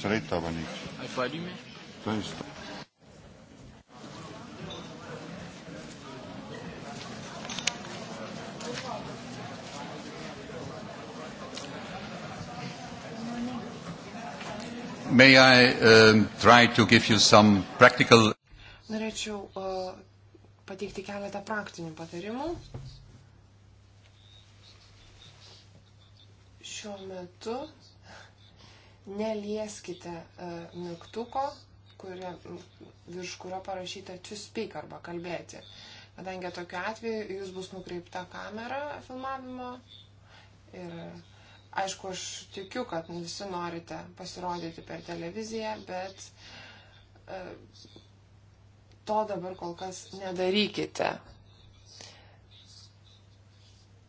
Caritta, aber nicht. Il faut allumer. Ça, May I um, uh, try to give you some practical... Norėčiau uh, pateikti keletą praktinių patarimų. Šiuo metu nelieskite e, mygtuko, kuria, virš kurio parašyta to speak arba kalbėti. Kadangi tokiu atveju jūs bus nukreipta kamera filmavimo ir aišku, aš tikiu, kad visi norite pasirodyti per televiziją, bet e, to dabar kol kas nedarykite.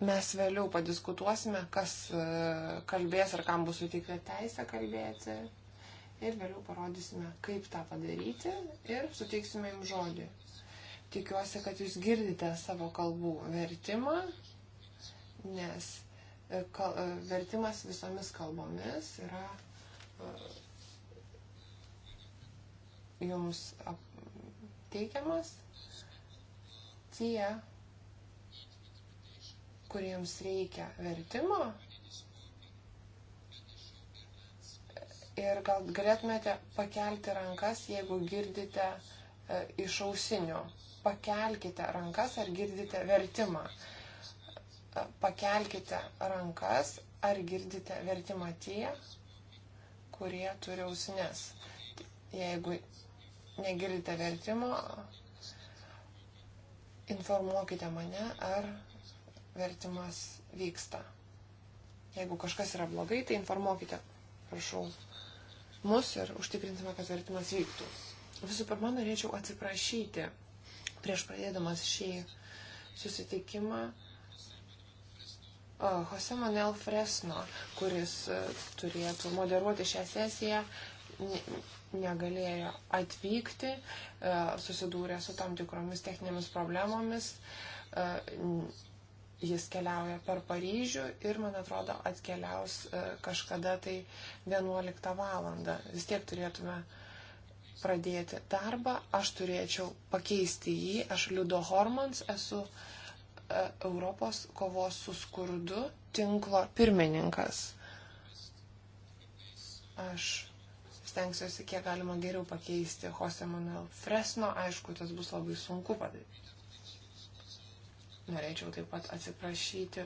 Mes vėliau padiskutuosime, kas e, kalbės ar kam bus suteikta teisė kalbėti. Ir vėliau parodysime, kaip tą padaryti ir suteiksime jums žodį. Tikiuosi, kad jūs girdite savo kalbų vertimą, nes e, kal, e, vertimas visomis kalbomis yra jums teikiamas tie, kuriems reikia vertimo. Ir gal galėtumėte pakelti rankas, jeigu girdite e, iš ausinio. Pakelkite rankas, ar girdite vertimą. E, pakelkite rankas, ar girdite vertimą tie, kurie turi ausinės. Jeigu negirdite vertimo, informuokite mane, ar vertimas vyksta. Jeigu kažkas yra blogai, tai informuokite, prašau, mus ir užtikrinsime, kad vertimas vyktų. Visų pirma, norėčiau atsiprašyti prieš pradėdamas šį susitikimą Jose Manuel Fresno, kuris turėtų moderuoti šią sesiją, negalėjo atvykti, susidūrė su tam tikromis techninėmis problemomis, Jis keliauja per Paryžių ir, man atrodo, atkeliaus e, kažkada tai 11 valandą. Vis tiek turėtume pradėti darbą. Aš turėčiau pakeisti jį. Aš Liudo Hormans esu e, Europos kovos su skurdu tinklo pirmininkas. Aš stengsiuosi kiek galima geriau pakeisti Jose Manuel Fresno. Aišku, tas bus labai sunku padaryti. Norėčiau taip pat atsiprašyti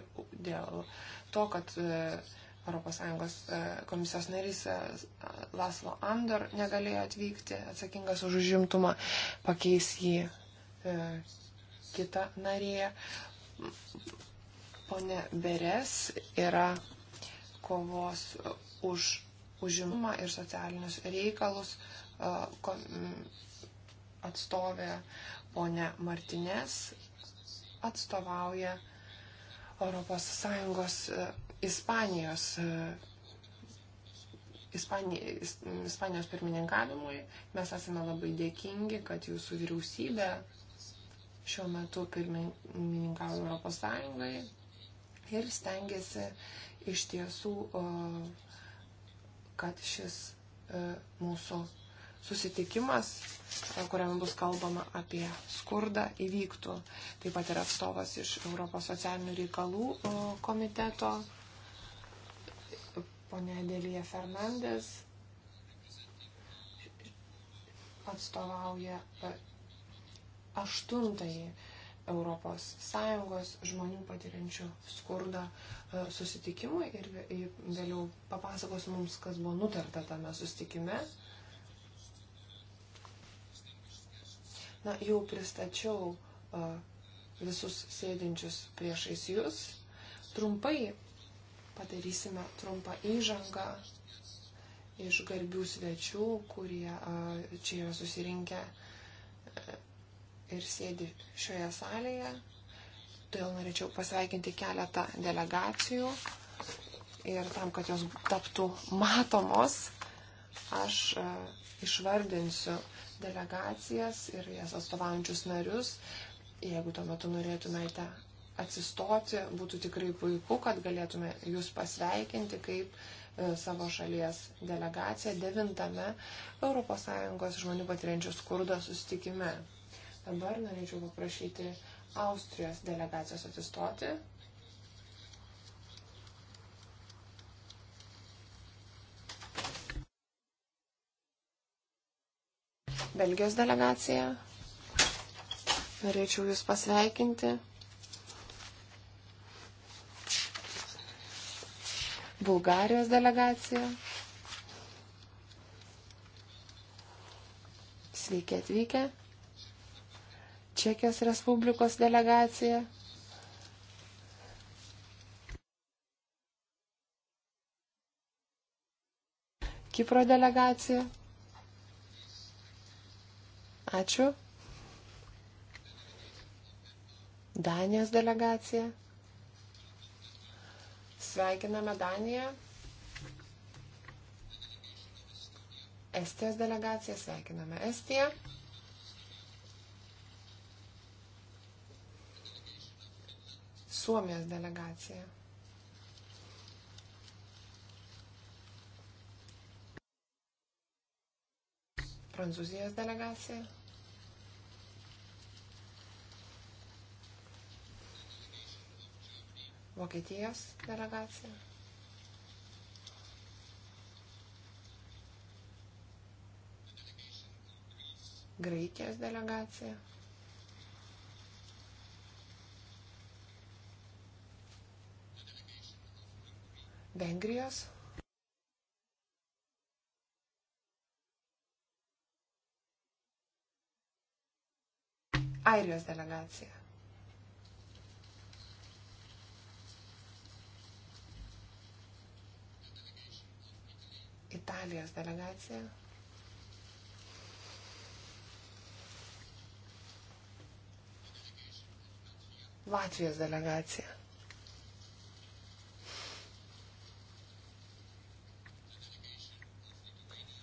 dėl to, kad ES e, komisijos narys e, Laslo Andor negalėjo atvykti, atsakingas už užimtumą, pakeis jį e, kita narė. Pone Beres yra kovos už užimumą ir socialinius reikalus atstovė ponė Martinės atstovauja ES e, Ispanijos, e, Ispanijos, Ispanijos pirmininkavimui. Mes esame labai dėkingi, kad jūsų vyriausybė šiuo metu pirmininkauja ES ir stengiasi iš tiesų, kad šis e, mūsų susitikimas, kuriam bus kalbama apie skurdą, įvyktų. Taip pat yra atstovas iš Europos socialinių reikalų komiteto, ponė Delija Fernandės, atstovauja e, aštuntąjį Europos Sąjungos žmonių patiriančių skurdą e, susitikimui ir vėliau papasakos mums, kas buvo nutarta tame susitikime. Na, jau pristačiau a, visus sėdinčius priešais jūs. Trumpai padarysime trumpą įžangą iš garbių svečių, kurie a, čia yra susirinkę a, e, ir sėdi šioje salėje. Todėl norėčiau pasveikinti keletą delegacijų ir tam, kad jos taptų matomos, aš a, išvardinsiu delegacijas ir jas atstovaujančius narius. Jeigu tuo metu norėtumėte atsistoti, būtų tikrai puiku, kad galėtume jūs pasveikinti kaip e, savo šalies delegacija devintame ES žmonių patiriančių skurdą sustikime. Dabar norėčiau paprašyti Austrijos delegacijos atsistoti. Belgijos delegaciją. Norėčiau Jūs pasveikinti. Bulgarijos delegacija. Sveiki atvykę. Čekijos Respublikos delegacija. Kipro delegacija. Ačiū. Danijos delegacija. Sveikiname Daniją. Estijos delegacija. Sveikiname Estiją. Suomijos delegacija. Prancūzijos delegacija. Vokietijos delegacija. Graikijos delegacija. Vengrijos. Airijos delegacija. Italijos delegacija. Latvijos delegacija.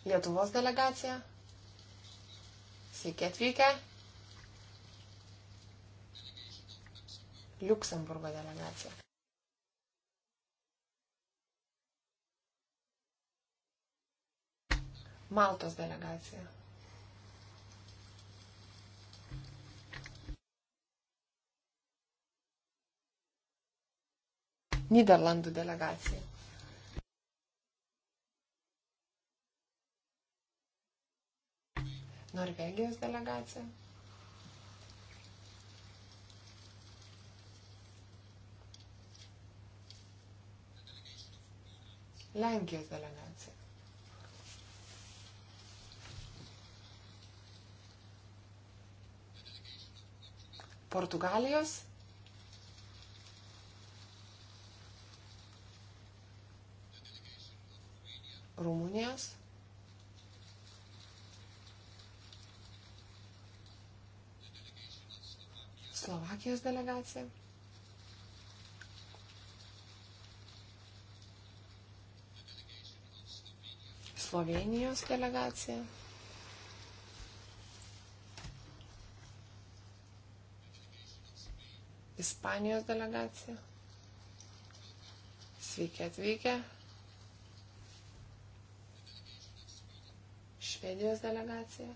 Lietuvos delegacija. Sveiki atvykę. Liuksemburgo delegacija. Maltos delegacija. Niderlandų delegacija. Norvegijos delegacija. Lenkijos delegacija. Portugalijos. Rumunijos. Slovakijos delegacija. Slovenijos delegacija. Ispanijos delegacija. Sveiki atvykę. Švedijos delegacija.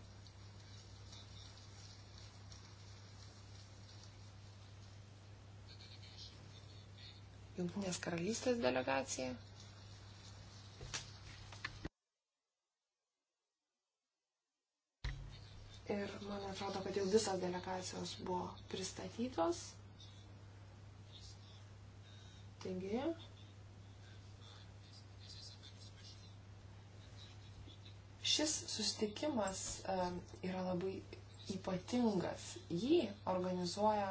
Junktinės karalystės delegacija. Ir man atrodo, kad jau visos delegacijos buvo pristatytos. Taigi. Šis susitikimas yra labai ypatingas. Jį organizuoja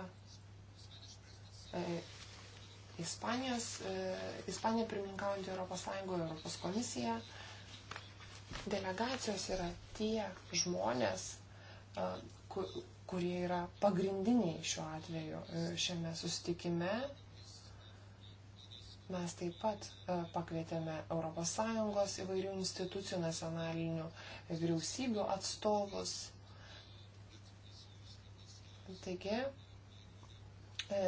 e, Ispanijos, e, Ispanija pirmininkaujantį Europos Sąjungoje, Europos komisija. Delegacijos yra tie žmonės, kurie yra pagrindiniai šiuo atveju e, šiame susitikime Mes taip pat e, pakvietėme ES įvairių institucijų, nacionalinių vyriausybių atstovus. Taigi, e,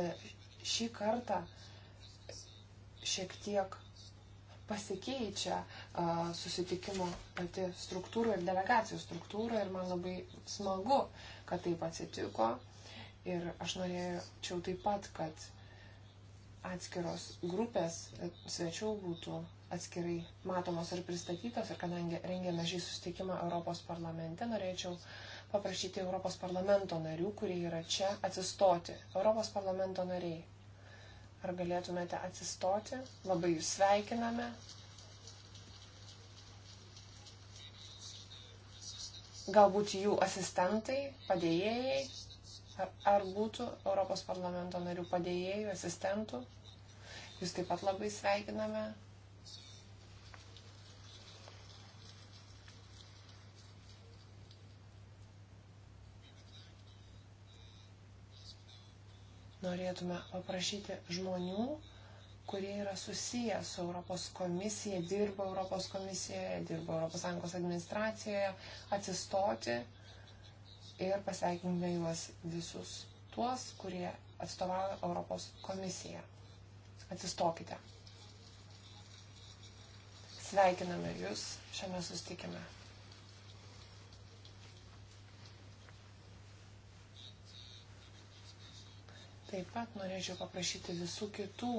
šį kartą šiek tiek pasikeičia e, susitikimo pati struktūra ir delegacijų struktūra ir man labai smagu, kad taip atsitiko. Ir aš norėčiau taip pat, kad atskiros grupės e, svečių būtų atskirai matomos ir pristatytos. Ir kadangi rengėme šį susitikimą Europos parlamente, norėčiau paprašyti Europos parlamento narių, kurie yra čia, atsistoti. Europos parlamento nariai, ar galėtumėte atsistoti? Labai jūs sveikiname. Galbūt jų asistentai, padėjėjai ar būtų Europos parlamento narių padėjėjų, asistentų. Jūs taip pat labai sveikiname. Norėtume paprašyti žmonių, kurie yra susiję su Europos komisija, dirba Europos komisijoje, dirba ES administracijoje, atsistoti ir pasveikinime juos visus tuos, kurie atstovauja Europos komisiją. Atsistokite. Sveikiname jūs šiame sustikime. Taip pat norėčiau paprašyti visų kitų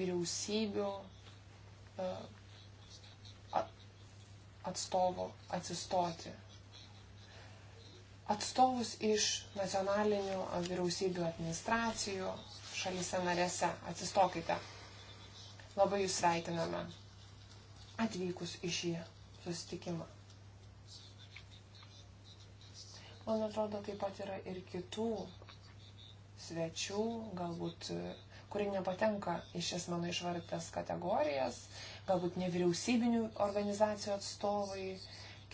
vyriausybių e, atstovų atsistoti atstovus iš nacionalinių vyriausybių administracijų šalyse narėse. Atsistokite. Labai jūs sveikiname atvykus į šį susitikimą. Man atrodo, taip pat yra ir kitų svečių, galbūt, e, kurie nepatenka iš šias mano išvardytas kategorijas, galbūt nevyriausybinių organizacijų atstovai,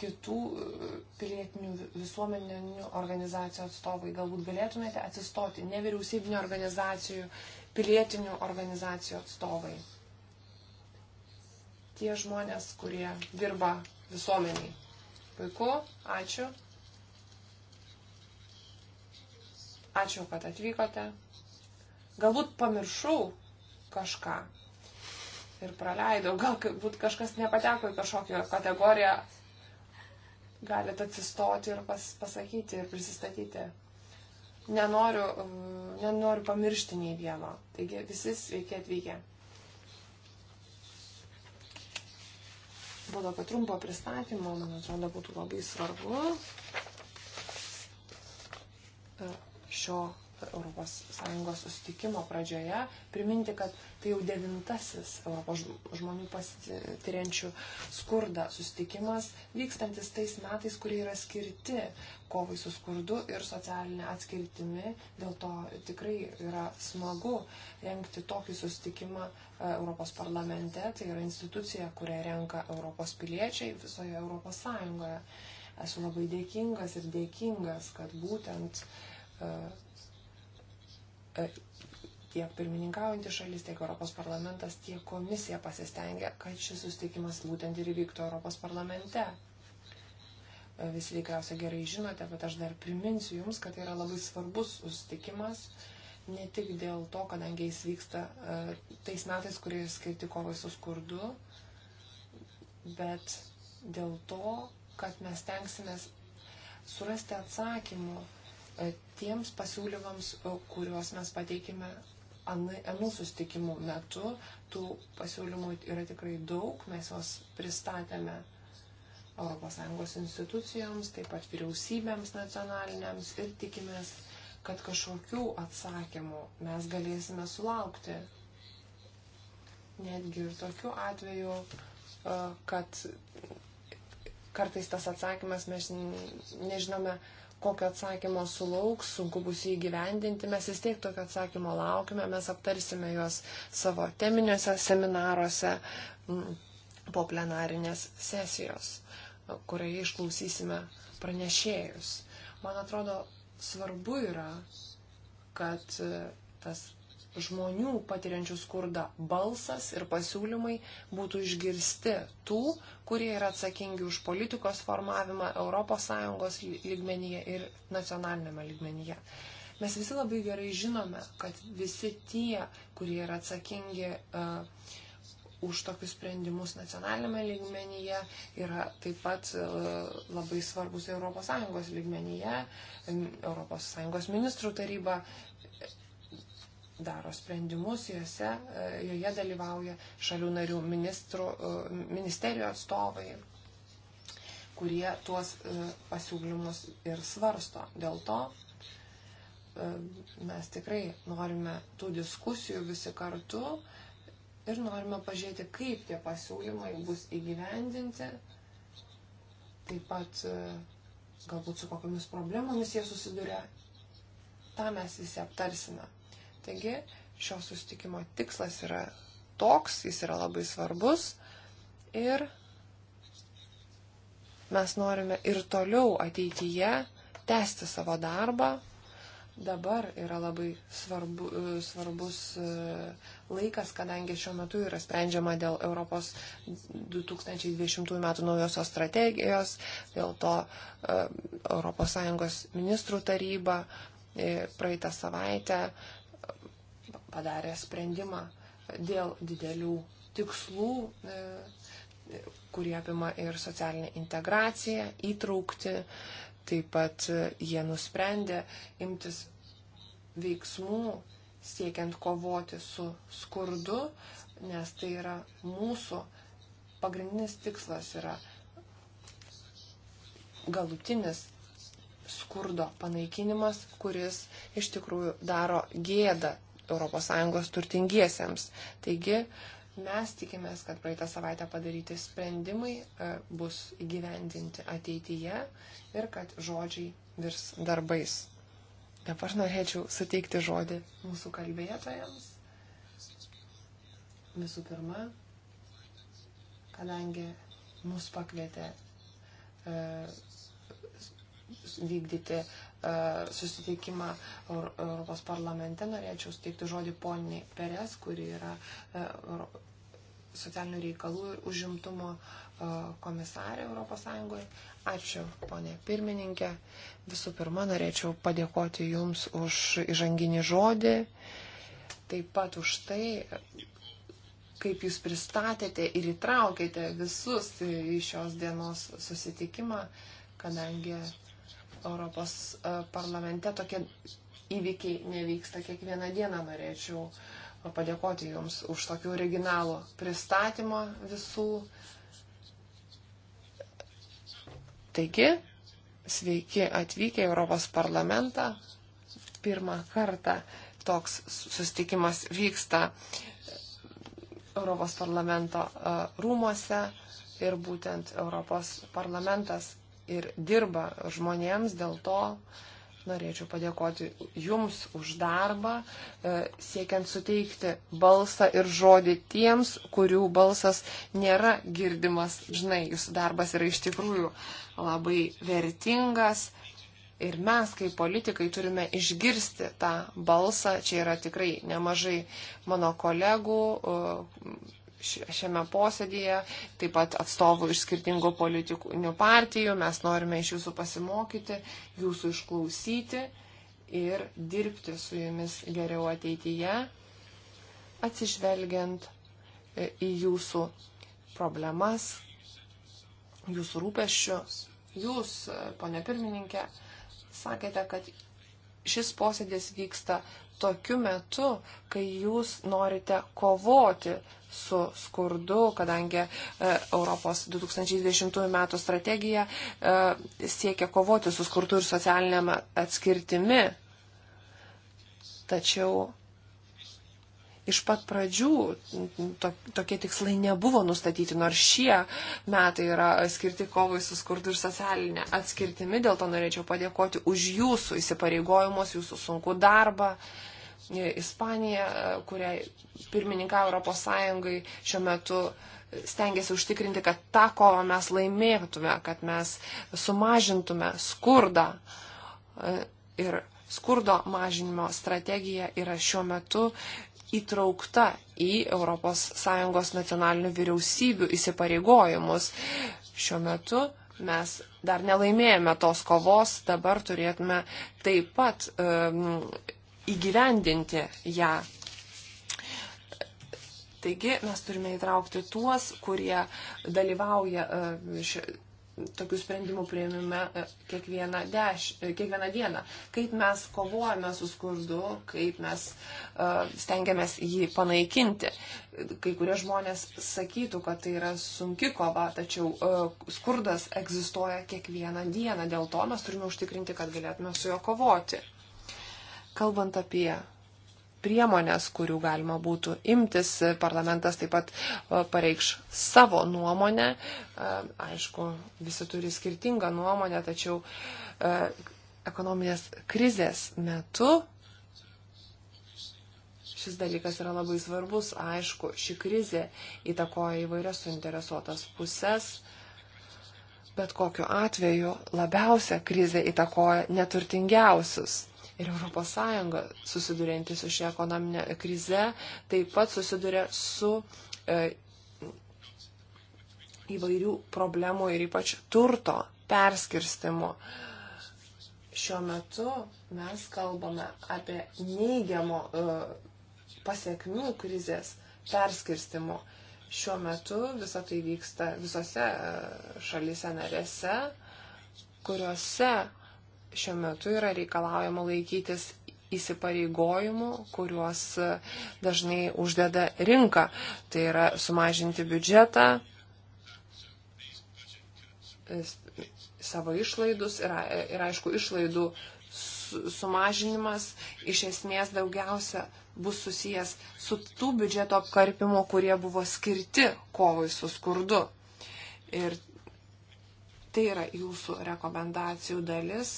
kitų e, pilietinių visuomeninių organizacijų atstovai. Galbūt galėtumėte atsistoti nevyriausybinio organizacijų, pilietinių organizacijų atstovai. Tie žmonės, kurie dirba visuomeniai. Puiku, ačiū. Ačiū, kad atvykote. Galbūt pamiršau kažką ir praleidau, galbūt kažkas nepateko į kažkokią kategoriją galite atsistoti ir pas, pasakyti ir prisistatyti. Nenoriu, uh, nenoriu pamiršti nei vieno. Taigi visi sveiki atvykę. Po tokio trumpo pristatymo, man atrodo, būtų labai svarbu uh, šio ES sustikimo pradžioje priminti, kad tai jau devintasis Europos žmonių pasitiriančių skurdą sustikimas, vykstantis tais metais, kurie yra skirti kovai su skurdu ir socialinė atskirtimi. Dėl to tikrai yra smagu rengti tokį sustikimą e, Europos parlamente. Tai yra institucija, kurią renka Europos piliečiai visoje Europos Sąjungoje. Esu labai dėkingas ir dėkingas, kad būtent e, E, tiek pirmininkaujantis šalis, tiek Europos parlamentas, tiek komisija pasistengia, kad šis susitikimas būtent ir vyktų Europos parlamente. E, visi tikriausiai gerai žinote, bet aš dar priminsiu Jums, kad tai yra labai svarbus susitikimas, ne tik dėl to, kadangi jis vyksta e, tais metais, kurie skirti kovai su skurdu, bet dėl to, kad mes tenksimės surasti atsakymų E, tiems pasiūlymams, e, kuriuos mes pateikime anų e, sustikimų metu. Tų pasiūlymų yra tikrai daug, mes juos pristatėme ES institucijoms, taip pat vyriausybėms nacionaliniams ir tikimės, kad kažkokių atsakymų mes galėsime sulaukti. Netgi ir tokiu atveju, kad kartais tas atsakymas mes nežinome, kokio atsakymo sulauks, sunku bus jį gyvendinti, mes vis tiek tokio atsakymo laukime, mes aptarsime juos savo teminiuose seminaruose mm, po plenarinės sesijos, kurioje išklausysime pranešėjus. Man atrodo, svarbu yra, kad e, tas žmonių patiriančių skurdą balsas ir pasiūlymai būtų išgirsti tų, kurie yra atsakingi už politikos formavimą ES lygmenyje ir nacionalinėme lygmenyje. Mes visi labai gerai žinome, kad visi tie, kurie yra atsakingi uh, už tokius sprendimus nacionalinėme lygmenyje, yra taip pat uh, labai svarbus ES lygmenyje, ES ministrų taryba daro sprendimus, juose, e, joje dalyvauja šalių narių ministrų, e, ministerijų atstovai, kurie tuos e, pasiūlymus ir svarsto. Dėl to mes tikrai norime tų diskusijų visi kartu ir norime pažiūrėti, kaip tie pasiūlymai bus įgyvendinti, taip pat galbūt su kokiamis problemomis jie susiduria. Ta mes visi aptarsime. Taigi, šio sustikimo tikslas yra toks, jis yra labai svarbus ir mes norime ir toliau ateityje tęsti savo darbą. Dabar yra labai svarbu, e, svarbus e, laikas, kadangi šiuo metu yra sprendžiama dėl Europos 2020 m. naujosios strategijos, dėl to ES ministrų taryba e, praeitą savaitę padarė sprendimą dėl didelių tikslų, e, kurie apima ir socialinę integraciją, įtraukti. Taip pat e, jie nusprendė imtis veiksmų siekiant kovoti su skurdu, nes tai yra mūsų pagrindinis tikslas yra galutinis skurdo panaikinimas, kuris iš tikrųjų daro gėdą ES turtingiesiems. Taigi mes tikimės, kad praeitą savaitę padaryti sprendimai e, bus įgyvendinti ateityje ir kad žodžiai virs darbais. Dabar aš norėčiau suteikti žodį mūsų kalbėtojams. Visų pirma, kadangi mus pakvietė e, vykdyti E, susitikimą Europos parlamente. Norėčiau steigti žodį poniai Perės, kuri yra e, socialinių reikalų užimtumo e, komisarė ES. Ačiū, ponė pirmininkė. Visų pirma, norėčiau padėkoti Jums už įžanginį žodį, taip pat už tai, kaip Jūs pristatėte ir įtraukėte visus į šios dienos susitikimą, kadangi Europos e, parlamente tokie įvykiai nevyksta kiekvieną dieną. Norėčiau padėkoti Jums už tokį originalų pristatymą visų. Taigi, sveiki atvykę į Europos parlamentą. Pirmą kartą toks sustikimas vyksta Europos parlamento e, rūmose ir būtent Europos parlamentas ir dirba žmonėms, dėl to norėčiau padėkoti Jums už darbą, e, siekiant suteikti balsą ir žodį tiems, kurių balsas nėra girdimas. Žinai, Jūsų darbas yra iš tikrųjų labai vertingas. Ir mes, kaip politikai, turime išgirsti tą balsą. Čia yra tikrai nemažai mano kolegų, e, šiame posėdėje, taip pat atstovų iš skirtingų politikų partijų. Mes norime iš jūsų pasimokyti, jūsų išklausyti ir dirbti su jumis geriau ateityje, atsižvelgiant e, į jūsų problemas, jūsų rūpeščius. Jūs, e, ponė pirmininkė, sakėte, kad šis posėdis vyksta tokiu metu, kai jūs norite kovoti su skurdu, kadangi e, Europos 2020 metų strategija e, siekia kovoti su skurdu ir socialinėm atskirtimi. Tačiau iš pat pradžių to, tokie tikslai nebuvo nustatyti, nors šie metai yra skirti kovai su skurdu ir socialinė atskirtimi. Dėl to norėčiau padėkoti už jūsų įsipareigojimus, jūsų sunku darbą. Ispanija, kuriai pirmininką Europos Sąjungai šiuo metu stengiasi užtikrinti, kad tą kovą mes laimėtume, kad mes sumažintume skurdą. Ir skurdo mažinimo strategija yra šiuo metu įtraukta į ES nacionalinių vyriausybių įsipareigojimus. Šiuo metu mes dar nelaimėjome tos kovos, dabar turėtume taip pat um, įgyvendinti ją. Taigi mes turime įtraukti tuos, kurie dalyvauja uh, tokių sprendimų prieimime e, kiekvieną, deš, e, kiekvieną dieną. Kaip mes kovojame su skurdu, kaip mes uh, stengiamės jį panaikinti. Kai kurie žmonės sakytų, kad tai yra sunki kova, tačiau uh, skurdas egzistuoja kiekvieną dieną. Dėl to mes turime užtikrinti, kad galėtume su juo kovoti. Kalbant apie priemonės, kurių galima būtų imtis. Parlamentas taip pat e, pareikš savo nuomonę. E, aišku, visi turi skirtingą nuomonę, tačiau e, ekonominės krizės metu šis dalykas yra labai svarbus. Aišku, ši krizė įtakoja įvairias suinteresuotas puses. Bet kokiu atveju labiausia krizė įtakoja neturtingiausius. Ir ES susidurianti su šia ekonominė krize taip pat susiduria su e, įvairių problemų ir ypač turto perskirstimu. Šiuo metu mes kalbame apie neigiamo e, pasiekmių krizės perskirstimo. Šiuo metu visą tai vyksta visose e, šalise narėse, kuriuose šiuo metu yra reikalaujama laikytis įsipareigojimų, kuriuos e, dažnai uždeda rinka. Tai yra sumažinti biudžetą, e, savo išlaidus ir, e, ir aišku, išlaidų sumažinimas iš esmės daugiausia bus susijęs su tų biudžeto apkarpimo, kurie buvo skirti kovai su skurdu. Ir Tai yra jūsų rekomendacijų dalis,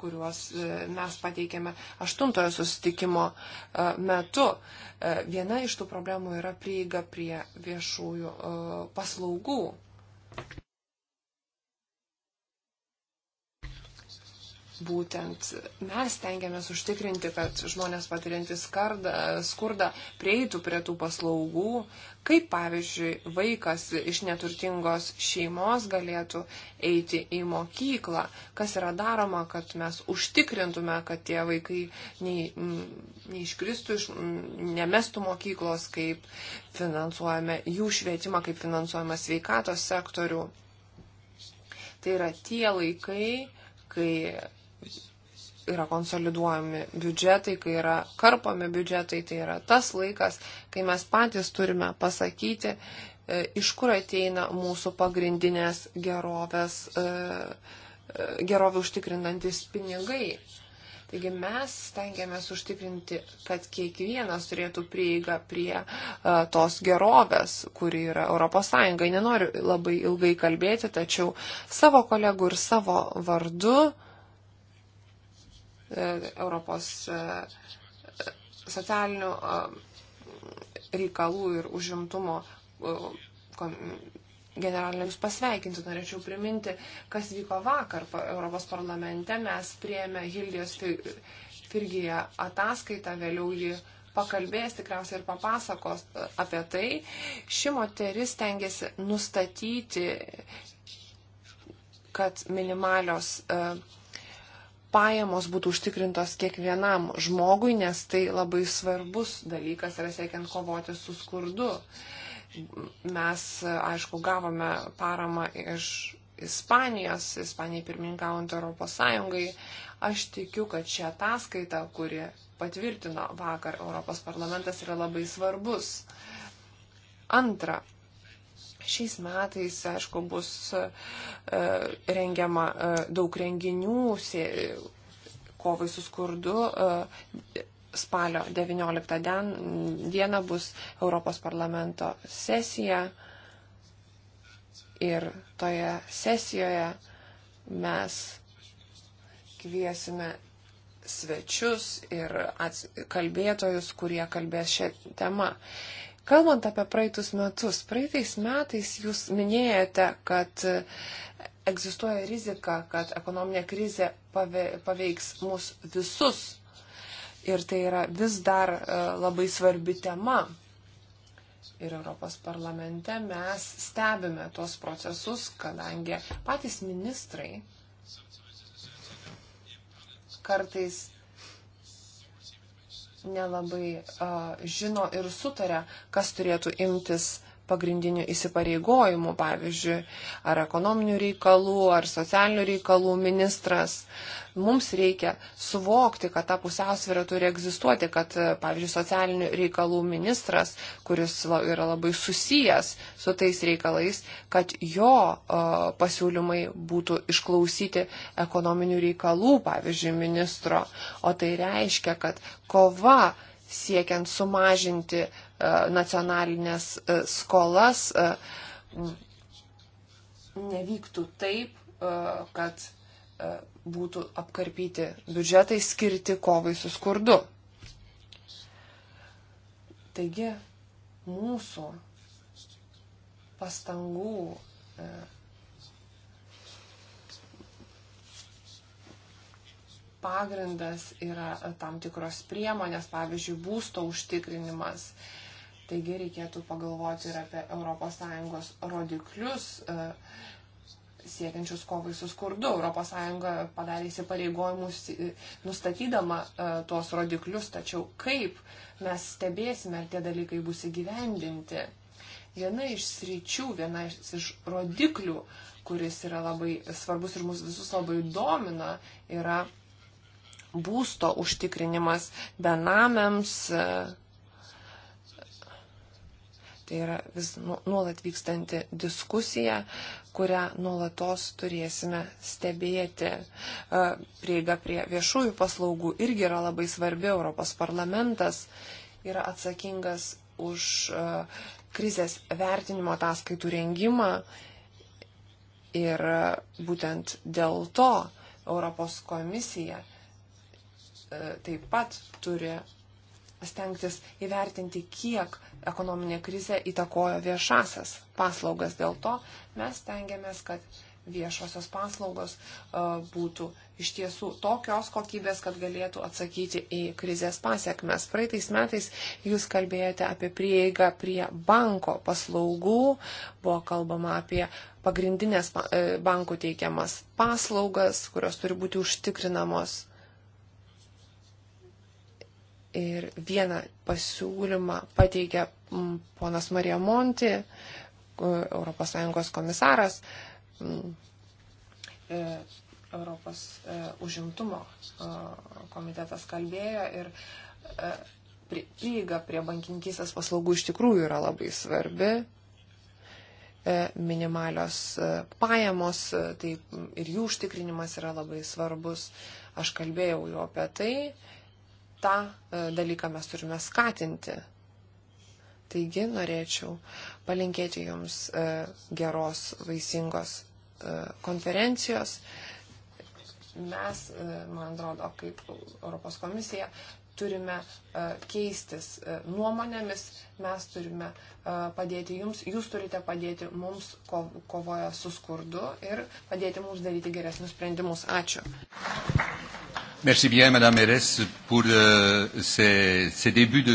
kuriuos e, mes pateikėme aštuntojo susitikimo e, metu. E, viena iš tų problemų yra prieiga prie viešųjų paslaugų. Būtent mes tengiamės užtikrinti, kad žmonės patiriantis skurdą prieitų prie tų paslaugų, kaip pavyzdžiui vaikas iš neturtingos šeimos galėtų eiti į mokyklą, kas yra daroma, kad mes užtikrintume, kad tie vaikai nei, neiškristų, iš, nemestų mokyklos, kaip finansuojame jų švietimą, kaip finansuojame sveikatos sektorių. Tai yra tie laikai, kai yra konsoliduojami biudžetai, kai yra karpomi biudžetai, tai yra tas laikas, kai mes patys turime pasakyti, e, iš kur ateina mūsų pagrindinės gerovės, e, e, gerovę užtikrinantis pinigai. Taigi mes stengiamės užtikrinti, kad kiekvienas turėtų prieigą prie tos gerovės, kuri yra ES. Nenoriu labai ilgai kalbėti, tačiau savo kolegų ir savo vardu uh, Europos e, socialinių e, reikalų ir užimtumo e, generalinius pasveikinti. Norėčiau priminti, kas vyko vakar Europos parlamente. Mes prieėmė Hildijos Firgiją ataskaitą, vėliau jį pakalbės tikriausiai ir papasakos apie tai. Ši moteris tengiasi nustatyti, kad minimalios uh, pajamos būtų užtikrintos kiekvienam žmogui, nes tai labai svarbus dalykas yra siekiant kovoti su skurdu. Mes, aišku, gavome paramą iš Ispanijos, Ispanijai pirmininkaujant Europos Sąjungai. Aš tikiu, kad šią ataskaitą, kuri patvirtino vakar Europos parlamentas, yra labai svarbus. Antra, Šiais metais, aišku, bus e, rengiama e, daug renginių kovai su skurdu. E, spalio 19 dieną bus Europos parlamento sesija ir toje sesijoje mes kviesime svečius ir kalbėtojus, kurie kalbės šią temą. Kalbant apie praeitus metus, praeitais metais jūs minėjote, kad e, egzistuoja rizika, kad ekonominė krizė paveiks mus visus. Ir tai yra vis dar e, labai svarbi tema. Ir Europos parlamente mes stebime tuos procesus, kadangi patys ministrai kartais nelabai a, žino ir sutarė, kas turėtų imtis pagrindinių įsipareigojimų, pavyzdžiui, ar ekonominių reikalų, ar socialinių reikalų ministras. Mums reikia suvokti, kad ta pusiausvėra turi egzistuoti, kad, pavyzdžiui, socialinių reikalų ministras, kuris yra labai susijęs su tais reikalais, kad jo pasiūlymai būtų išklausyti ekonominių reikalų, pavyzdžiui, ministro. O tai reiškia, kad kova siekiant sumažinti E, nacionalinės e, skolas, e, nevyktų taip, kad būtų apkarpyti biudžetai skirti kovai su skurdu. Taigi mūsų pastangų pagrindas yra tam tikros priemonės, pavyzdžiui, būsto užtikrinimas, Taigi reikėtų pagalvoti ir apie ES rodiklius e, siekiančius kovai su skurdu. ES padarė įsipareigojimus e, nustatydama e, tuos rodiklius, tačiau kaip mes stebėsime, ar tie dalykai bus įgyvendinti. Viena iš sričių, viena iš rodiklių, kuris yra labai svarbus ir mus visus labai domina, yra būsto užtikrinimas benamiams, Tai yra vis nu, nuolat vykstanti diskusija, kurią nuolatos turėsime stebėti. E, prieiga prie viešųjų paslaugų irgi yra labai svarbi. Europos parlamentas yra atsakingas už e, krizės vertinimo ataskaitų rengimą. Ir e, būtent dėl to Europos komisija taip pat turi stengtis įvertinti, kiek ekonominė krizė įtakojo viešasias paslaugas. Dėl to mes tengiamės, kad viešosios paslaugos e, būtų iš tiesų tokios kokybės, kad galėtų atsakyti į krizės pasiekmes. Praeitais metais jūs kalbėjote apie prieigą prie banko paslaugų, buvo kalbama apie pagrindinės e, bankų teikiamas paslaugas, kurios turi būti užtikrinamos Ir vieną pasiūlymą pateikė mm, ponas Marija Monti, ES komisaras, mm, e, Europos e, užimtumo e, komitetas kalbėjo ir prieiga prie bankininkysės paslaugų iš tikrųjų yra labai svarbi. Minimalios pajamos taip, ir jų užtikrinimas yra labai svarbus. Aš kalbėjau jau apie tai tą e, dalyką mes turime skatinti. Taigi norėčiau palinkėti Jums e, geros, vaisingos e, konferencijos. Mes, man atrodo, kaip Europos komisija, turime keistis nuomonėmis, mes turime padėti jums, jūs turite padėti mums kovoje su skurdu ir padėti mums daryti geresnius sprendimus. Ačiū. Merci bien, Madame Eres, pour euh, ces, ces débuts de.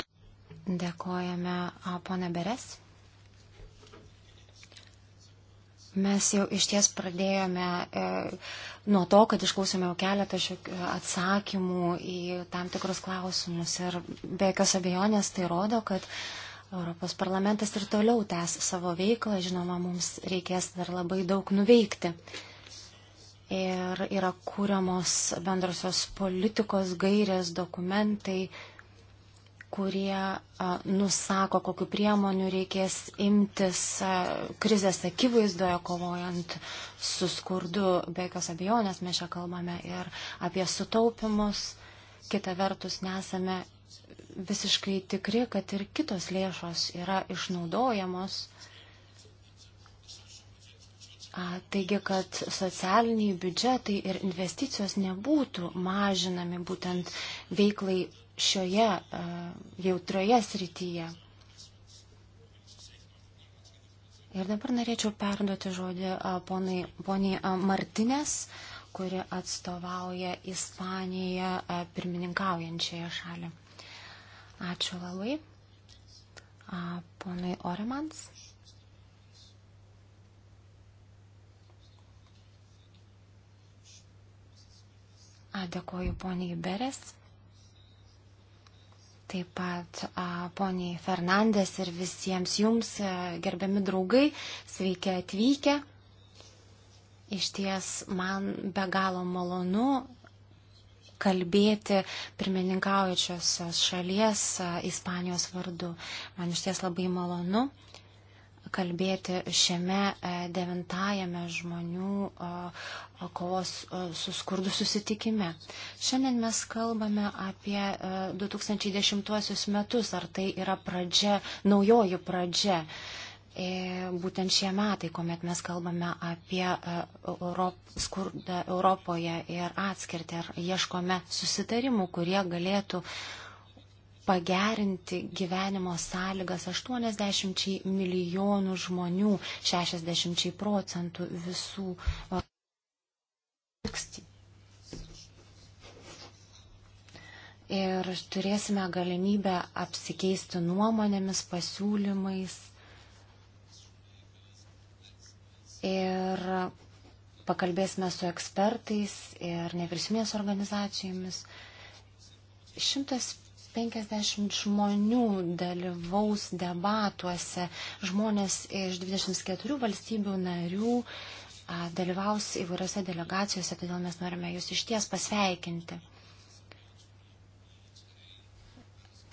Dėkojame, ponė Beres. Mes jau iš ties pradėjome e, nuo to, kad išklausėme jau keletą atsakymų į tam tikrus klausimus ir be jokios abejonės tai rodo, kad Europos parlamentas ir toliau tęs savo veiklą, žinoma, mums reikės dar labai daug nuveikti. E, ir yra kūriamos bendrosios politikos gairės, dokumentai, kurie a, nusako, kokiu priemoniu reikės imtis a, krizės akivaizdoje kovojant su skurdu, be jokios abejonės mes čia kalbame ir apie sutaupimus. Kita vertus, nesame visiškai tikri, kad ir kitos lėšos yra išnaudojamos Taigi, kad socialiniai biudžetai ir investicijos nebūtų mažinami būtent veiklai šioje jautroje srityje. Ir dabar norėčiau perduoti žodį ponai, poniai Martinės, kuri atstovauja Ispaniją pirmininkaujančiąją šalį. Ačiū labai. Ponai Oremans. A, dėkoju poniai Beres, taip pat a, poniai Fernandės ir visiems jums, a, e, gerbiami draugai, sveiki atvykę. Iš ties man be galo malonu kalbėti pirmininkaujačios šalies a, Ispanijos vardu. Man iš ties labai malonu kalbėti šiame e, devintajame žmonių e, kovos e, su skurdu susitikime. Šiandien mes kalbame apie 2010 metus, ar tai yra pradžia, naujoji pradžia. Būtent šie metai, kuomet mes kalbame apie Europ, skurdą Europoje ir atskirtį, ar ieškome susitarimų, kurie galėtų uh, pagerinti gyvenimo sąlygas 80 milijonų žmonių, 60 procentų visų. Ir turėsime galimybę apsikeisti nuomonėmis, pasiūlymais. Ir pakalbėsime su ekspertais ir nevyriausybinės organizacijomis. 100 50 žmonių dalyvaus debatuose. Žmonės iš 24 valstybių narių dalyvaus įvairiose delegacijose, todėl mes norime jūs iš ties pasveikinti.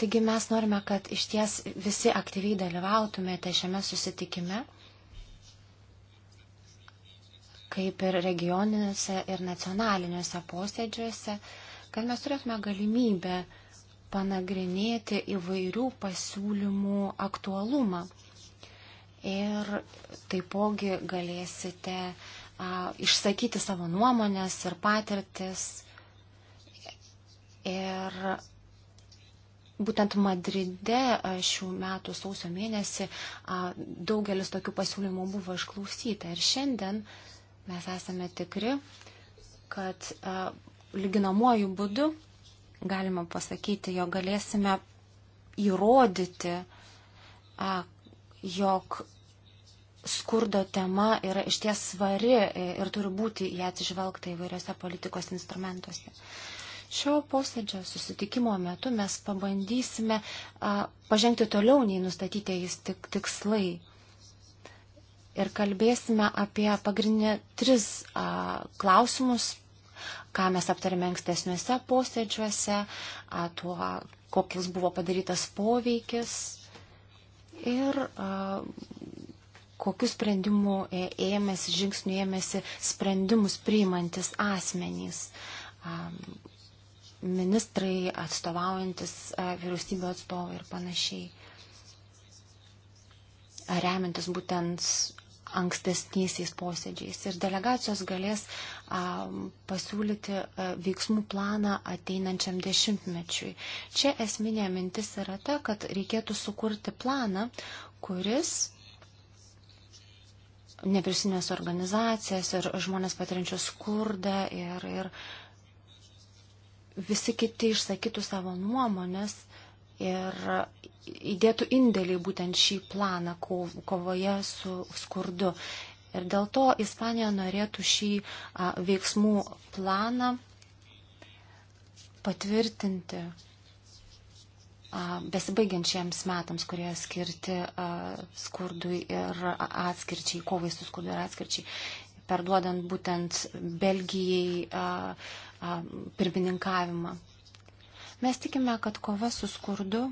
Taigi mes norime, kad iš ties visi aktyviai dalyvautumėte šiame susitikime, kaip ir regioniniuose ir nacionaliniuose posėdžiuose, kad mes turėtume galimybę uh, panagrinėti įvairių pasiūlymų aktualumą. Ir taipogi galėsite a, išsakyti savo nuomonės ir patirtis. Ir būtent Madride šių metų sausio mėnesį a, daugelis tokių pasiūlymų buvo išklausyta. Ir šiandien mes esame tikri, kad a, lyginamuoju būdu galima pasakyti, jo galėsime įrodyti, a, jog skurdo tema yra išties svari ir turi būti į atsižvelgta įvairiose politikos instrumentuose. Šio posėdžio susitikimo metu mes pabandysime a, pažengti toliau nei nustatytieji tik, tikslai. Ir kalbėsime apie pagrindinę tris a, klausimus, ką mes aptarėme ankstesniuose posėdžiuose, tuo, kokius buvo padarytas poveikis ir kokius sprendimų e, ėmėsi, žingsnių ėmėsi sprendimus priimantis asmenys ministrai, atstovaujantis vyriausybių atstovai ir panašiai. Remiantis būtent ankstesniaisiais posėdžiais. Ir delegacijos galės a, pasiūlyti a, veiksmų planą ateinančiam dešimtmečiui. Čia esminė mintis yra ta, kad reikėtų sukurti planą, kuris neprisinės organizacijas ir žmonės patiriančius skurdą ir, ir visi kiti išsakytų savo nuomonės ir įdėtų indėlį būtent šį planą kovoje su skurdu. Ir dėl to Ispanija norėtų šį a, veiksmų planą patvirtinti besibaigiančiems metams, kurie skirti skurdui ir atskirčiai, kovai su skurdu ir atskirčiai, perduodant būtent Belgijai pirmininkavimą. Mes tikime, kad kova su skurdu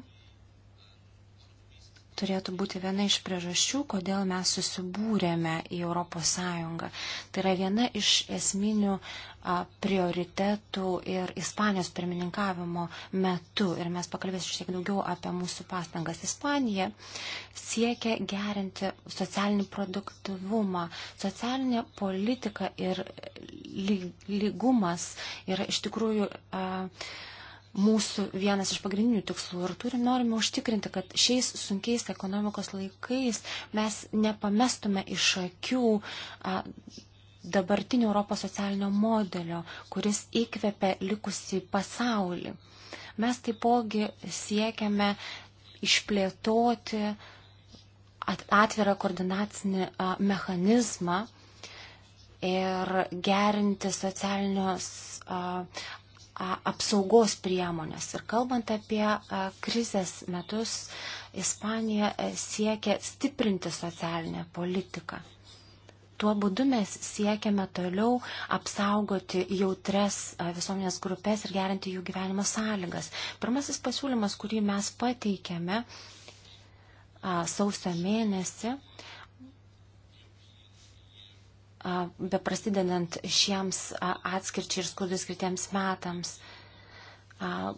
turėtų būti viena iš priežasčių, kodėl mes susibūrėme į ES. Tai yra viena iš esminių prioritetų ir Ispanijos pirmininkavimo metu. Ir mes pakalbėsime šiek tiek daugiau apie mūsų pastangas. Ispanija siekia gerinti socialinį produktivumą. Socialinė politika ir lygumas yra iš tikrųjų. Uh, mūsų vienas iš pagrindinių tikslų ir turim, norime užtikrinti, kad šiais sunkiais ekonomikos laikais mes nepamestume iš akių a, dabartinio Europos socialinio modelio, kuris įkvepia likusi pasaulį. Mes taipogi siekiame išplėtoti atvirą koordinacinį mechanizmą ir gerinti socialinius apsaugos priemonės. Ir kalbant apie krizės metus, Ispanija e, siekia stiprinti socialinę politiką. Tuo būdu mes siekiame toliau apsaugoti jautres visuomenės grupės ir gerinti jų gyvenimo sąlygas. Pirmasis pasiūlymas, kurį mes pateikėme sausio mėnesį, beprasidedant šiems atskirčiai ir skurdui skirtiems metams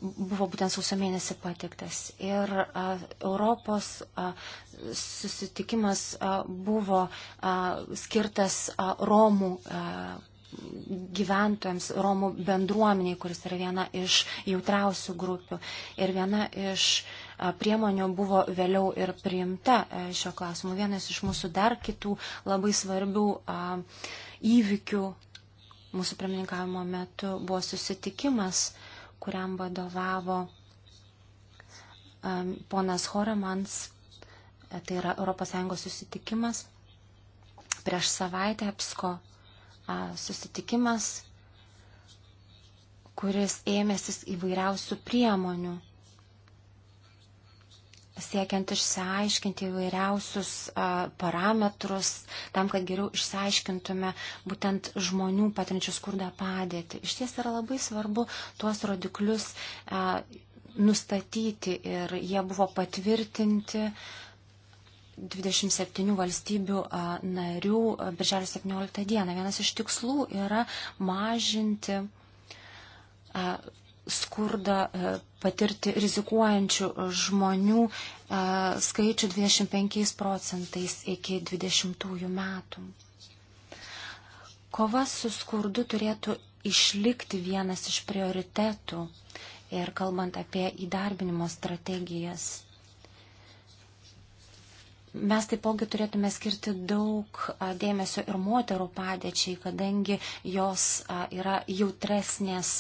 buvo būtent sausio mėnesį patiktas. Ir a, Europos a, susitikimas a, buvo a, skirtas a, Romų a, gyventojams, Romų bendruomeniai, kuris yra viena iš jautriausių grupių. Ir viena iš a, priemonių buvo vėliau ir priimta e, šio klausimu. Vienas iš mūsų dar kitų labai svarbių įvykių mūsų pirmininkavimo metu buvo susitikimas, kuriam vadovavo ponas Horemans, e, tai yra ES susitikimas, prieš savaitę EPSCO susitikimas, kuris ėmėsis įvairiausių priemonių siekiant išsiaiškinti įvairiausius parametrus, tam, kad geriau išsiaiškintume būtent žmonių patirinčių skurdą padėti. Iš ties yra labai svarbu tuos rodiklius nustatyti ir jie buvo patvirtinti 27 valstybių narių birželio 17 dieną. Vienas iš tikslų yra mažinti skurdą e, patirti rizikuojančių žmonių e, skaičių 25 procentais iki 20 metų. Kova su skurdu turėtų išlikti vienas iš prioritetų ir kalbant apie įdarbinimo strategijas. Mes taipogi turėtume skirti daug dėmesio ir moterų padėčiai, kadangi jos yra jautresnės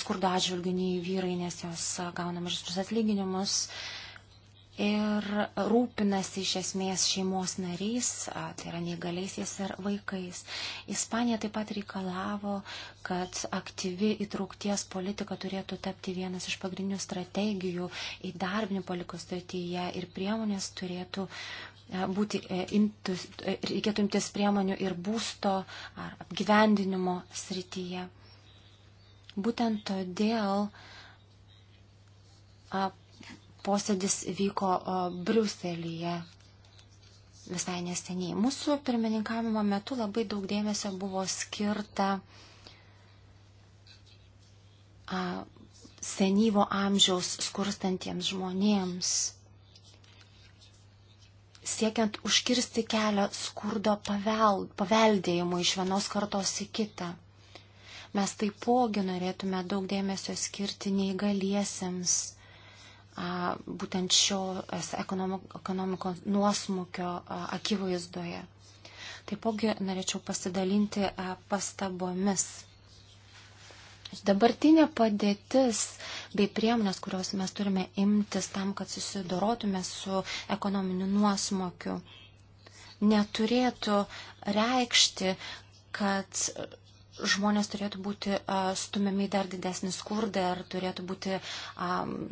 skurdo atžvilgių nei vyrai, nes jos gauna mažesnius atlyginimus. atlyginimus ir rūpinasi iš esmės šeimos nariais, tai yra neįgaliaisiais ir vaikais. Ispanija taip pat reikalavo, kad aktyvi įtraukties politika turėtų tapti vienas iš pagrindinių strategijų įdarbinių politikos srityje ir priemonės turėtų būti, e, imtus, e, reikėtų imtis priemonių ir būsto ar apgyvendinimo srityje. Būtent todėl posėdis vyko Briuselyje visai neseniai. Mūsų pirmininkavimo metu labai daug dėmesio buvo skirta a, senyvo amžiaus skurstantiems žmonėms, siekiant užkirsti kelią skurdo pavel, paveldėjimui iš vienos kartos į kitą. Mes taipogi norėtume daug dėmesio skirti neįgaliesiems būtent šios ekonomikos nuosmukio akivaizdoje. Taipogi norėčiau pasidalinti pastabomis. Dabartinė padėtis bei priemonės, kurios mes turime imtis tam, kad susidorotume su ekonominiu nuosmokiu, neturėtų reikšti, kad žmonės turėtų būti stumiami dar didesnį skurdą ir turėtų būti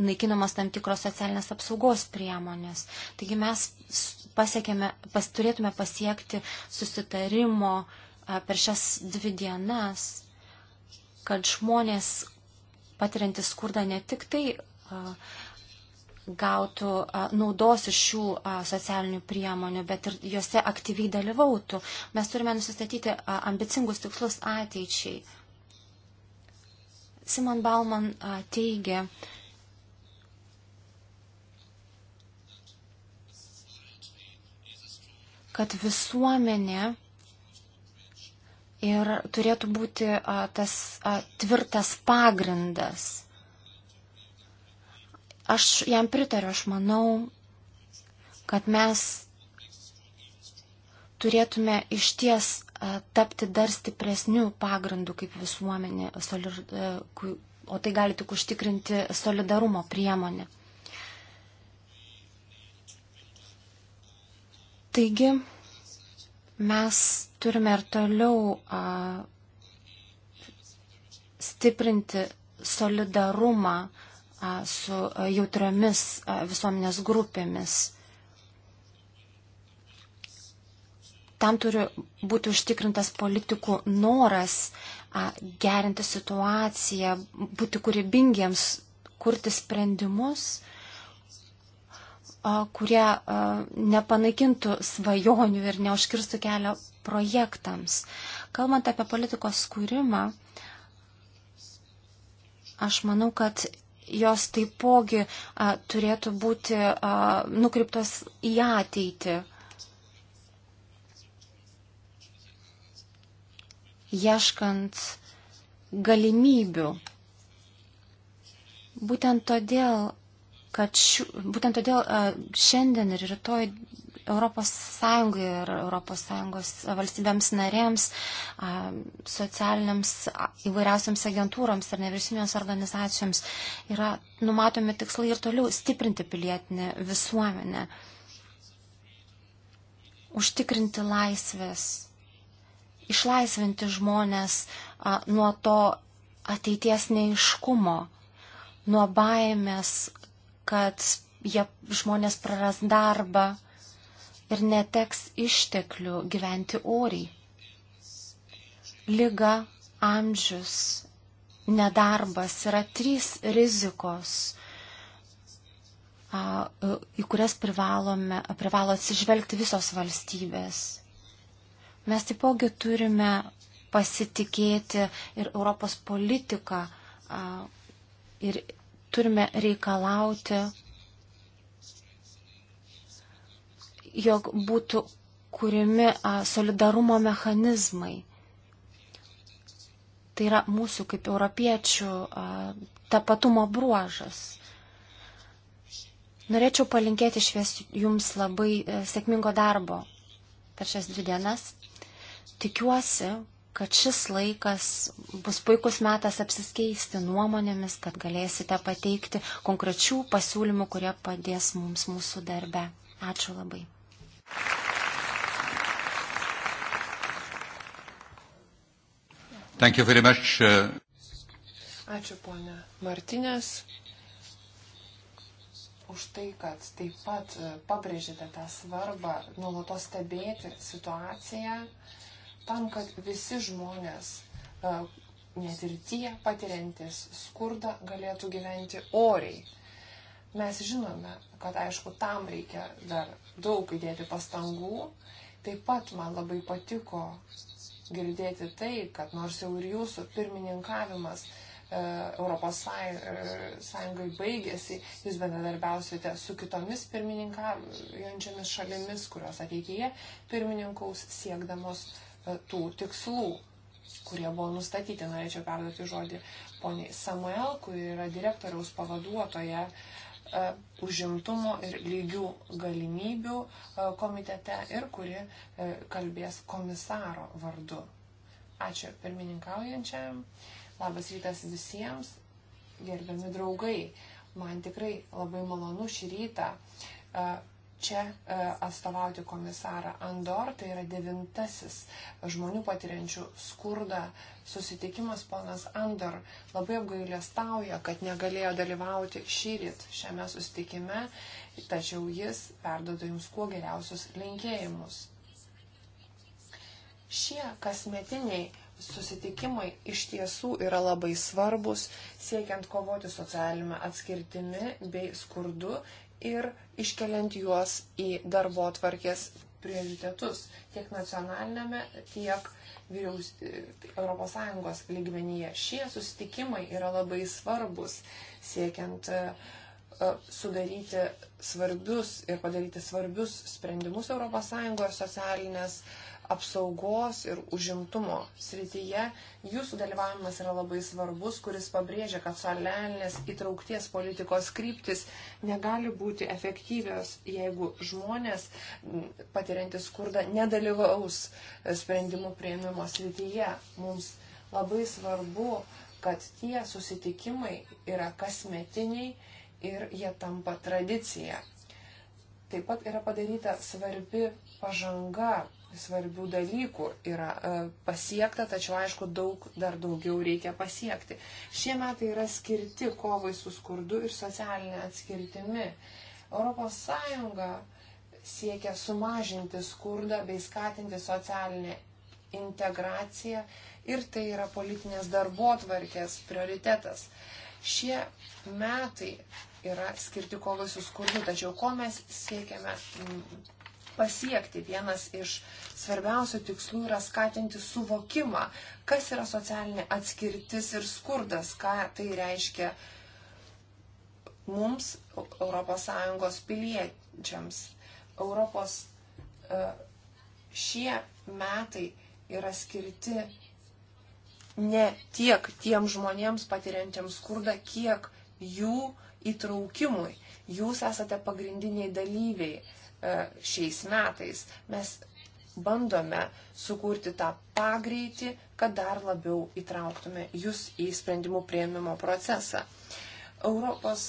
naikinamas tam tikros socialinės apsaugos priemonės. Taigi mes pas, turėtume pasiekti susitarimo per šias dvi dienas, kad žmonės patiriantys skurdą ne tik tai uh, gautų naudos iš šių socialinių priemonių, bet ir juose aktyviai dalyvautų. Mes turime nusistatyti ambicingus tikslus ateičiai. Simon Bauman teigia, kad visuomenė ir turėtų būti tas tvirtas pagrindas Aš jam pritariu, aš manau, kad mes turėtume iš ties e, tapti dar stipresnių pagrindų kaip visuomenė, e, o tai gali tik užtikrinti solidarumo priemonę. Taigi, mes turime ir toliau a, stiprinti solidarumą su jautriomis visuomenės grupėmis. Tam turi būti užtikrintas politikų noras gerinti situaciją, būti kūrybingiems, kurti sprendimus, kurie nepanaikintų svajonių ir neužkirstų kelio projektams. Kalbant apie politikos skūrimą, aš manau, kad jos taipogi a, turėtų būti a, nukreiptos į ateitį. Ieškant galimybių. Būtent todėl, kad šiu, būtent todėl a, šiandien ir rytoj Europos Sąjungai ir Europos Sąjungos valstybėms narėms, socialiniams įvairiausiams agentūroms ir nevyriausybinėms organizacijoms yra numatomi tikslai ir toliau stiprinti pilietinę visuomenę, užtikrinti laisvės, išlaisvinti žmonės nuo to ateities neiškumo, nuo baimės, kad jie žmonės praras darbą, ir neteks išteklių gyventi oriai. Liga, amžius, nedarbas yra trys rizikos, į kurias privalome, privalo atsižvelgti visos valstybės. Mes taipogi turime pasitikėti ir Europos politiką ir turime reikalauti jog būtų kūrimi solidarumo mechanizmai. Tai yra mūsų kaip europiečių tapatumo bruožas. Norėčiau palinkėti švies jums labai e, sėkmingo darbo per šias dvi dienas. Tikiuosi, kad šis laikas bus puikus metas apsiskeisti nuomonėmis, kad galėsite pateikti konkrečių pasiūlymų, kurie padės mums mūsų darbe. Ačiū labai. Uh, Ačiū ponia Martinės už tai, kad taip pat uh, pabrėžėte tą svarbą nuolatos stebėti situaciją, tam, kad visi žmonės, uh, net ir tie patiriantis skurdą, galėtų gyventi oriai. Mes žinome, kad aišku, tam reikia dar daug įdėti pastangų. Taip pat man labai patiko girdėti tai, kad nors jau ir jūsų pirmininkavimas e, Europos e, Sąjungai baigėsi, jūs bendradarbiausite su kitomis pirmininkaujančiamis šalimis, kurios ateityje pirmininkaus siekdamos e, tų tikslų, kurie buvo nustatyti. Norėčiau perduoti žodį poniai Samuel, kuri yra direktoriaus pavaduotoja e, E, užimtumo ir lygių galimybių e, komitete ir kuri e, kalbės komisaro vardu. Ačiū pirmininkaujančiam. Labas rytas visiems, gerbiami draugai. Man tikrai labai malonu šį rytą čia e, atstovauti komisarą Andor, tai yra devintasis žmonių patiriančių skurdą susitikimas. Ponas Andor labai apgailestauja, kad negalėjo dalyvauti šyrit šiame susitikime, tačiau jis perdoda jums kuo geriausius linkėjimus. Šie kasmetiniai susitikimai iš tiesų yra labai svarbus, siekiant kovoti socialinę atskirtimi bei skurdu ir iškeliant juos į darbo atvarkės prioritetus tiek nacionalinėme, tiek vyriaus, ES lygmenyje. Šie susitikimai yra labai svarbus siekiant e, e, sudaryti svarbius ir padaryti svarbius sprendimus ES socialinės uh, apsaugos ir užimtumo srityje jūsų dalyvavimas yra labai svarbus, kuris pabrėžia, kad socialinės įtraukties politikos kryptis negali būti efektyvios, jeigu žmonės patiriantys skurdą nedalyvaus sprendimų prieimimo srityje. Mums labai svarbu, kad tie susitikimai yra kasmetiniai ir jie tampa tradicija. Taip pat yra padaryta svarbi pažanga svarbių dalykų yra e, pasiekta, tačiau aišku, daug dar daugiau reikia pasiekti. Šie metai yra skirti kovai su skurdu ir socialinė atskirtimi. ES siekia sumažinti skurdą bei skatinti socialinę integraciją ir tai yra politinės darbo tvarkės prioritetas. Šie metai yra skirti kovai su skurdu, tačiau ko mes siekiame pasiekti. Vienas iš svarbiausių tikslų yra skatinti suvokimą, kas yra socialinė atskirtis ir skurdas, ką tai reiškia mums, ES piliečiams. Europos e, šie metai yra skirti ne tiek tiem žmonėms patiriantiems skurdą, kiek jų įtraukimui. Jūs esate pagrindiniai dalyviai. E, šiais metais. Mes bandome sukurti tą pagreitį, kad dar labiau įtrauktume jūs į sprendimų prieimimo procesą. Europos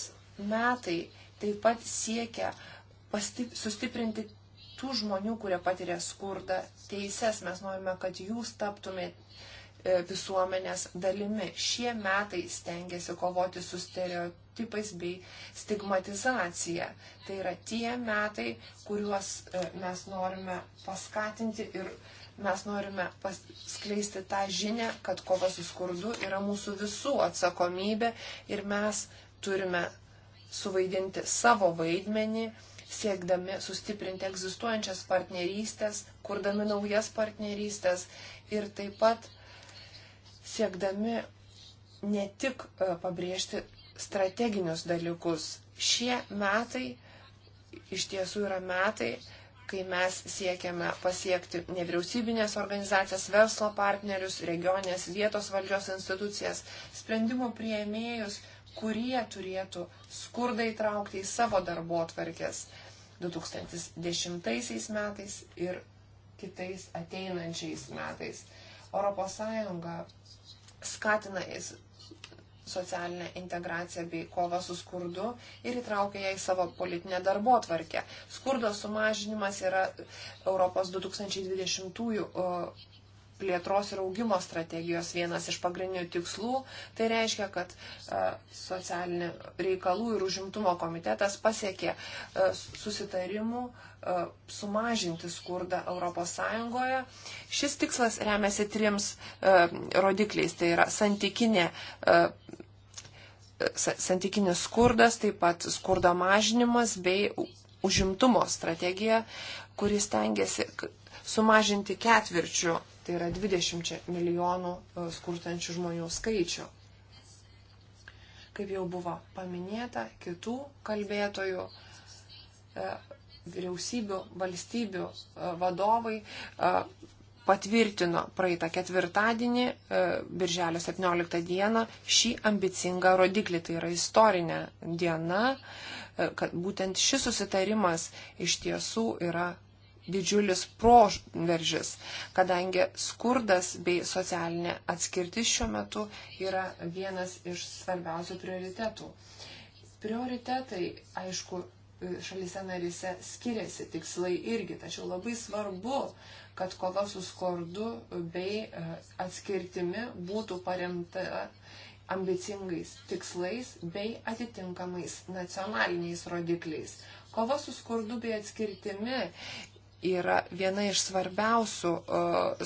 metai taip pat siekia pastip, sustiprinti tų žmonių, kurie patiria skurdą, teises. Mes norime, kad jūs taptumėte E, visuomenės dalimi. Šie metai stengiasi kovoti su stereotipais bei stigmatizacija. Tai yra tie metai, kuriuos e, mes norime paskatinti ir mes norime skleisti tą žinę, kad kova su skurdu yra mūsų visų atsakomybė ir mes turime suvaidinti savo vaidmenį siekdami sustiprinti egzistuojančias partnerystės, kurdami naujas partnerystės ir taip pat siekdami ne tik e, pabrėžti strateginius dalykus. Šie metai iš tiesų yra metai, kai mes siekiame pasiekti nevyriausybinės organizacijas, verslo partnerius, regionės vietos valdžios institucijas, sprendimų prieimėjus, kurie turėtų skurdą įtraukti į savo darbo atvarkės 2010 metais ir kitais ateinančiais metais. ES skatina socialinę integraciją bei kovą su skurdu ir įtraukia ją į savo politinę darbo tvarkę. Skurdo sumažinimas yra Europos 2020 plėtros ir augimo strategijos vienas iš pagrindinių tikslų. Tai reiškia, kad e, socialinių reikalų ir užimtumo komitetas pasiekė e, susitarimų e, sumažinti skurdą ES. Šis tikslas remiasi trims rodikliais. Tai yra santykinė santykinis skurdas, taip pat skurdo mažinimas bei užimtumo strategija, kuris tengiasi sumažinti ketvirčių tai yra 20 milijonų e, skurstančių žmonių skaičių. Kaip jau buvo paminėta kitų kalbėtojų, e, vyriausybių, valstybių e, vadovai patvirtino praeitą ketvirtadienį, birželio 17 dieną, šį ambicingą rodiklį. Tai yra istorinė diena, kad būtent šis susitarimas iš tiesų yra didžiulis proveržis, kadangi skurdas bei socialinė atskirtis šiuo metu yra vienas iš svarbiausių prioritetų. Prioritetai, aišku, šalyse narise skiriasi tikslai irgi, tačiau labai svarbu, kad kova su skurdu bei e, atskirtimi būtų paremta ambicingais tikslais bei atitinkamais nacionaliniais rodikliais. Kova su skurdu bei atskirtimi yra viena iš svarbiausių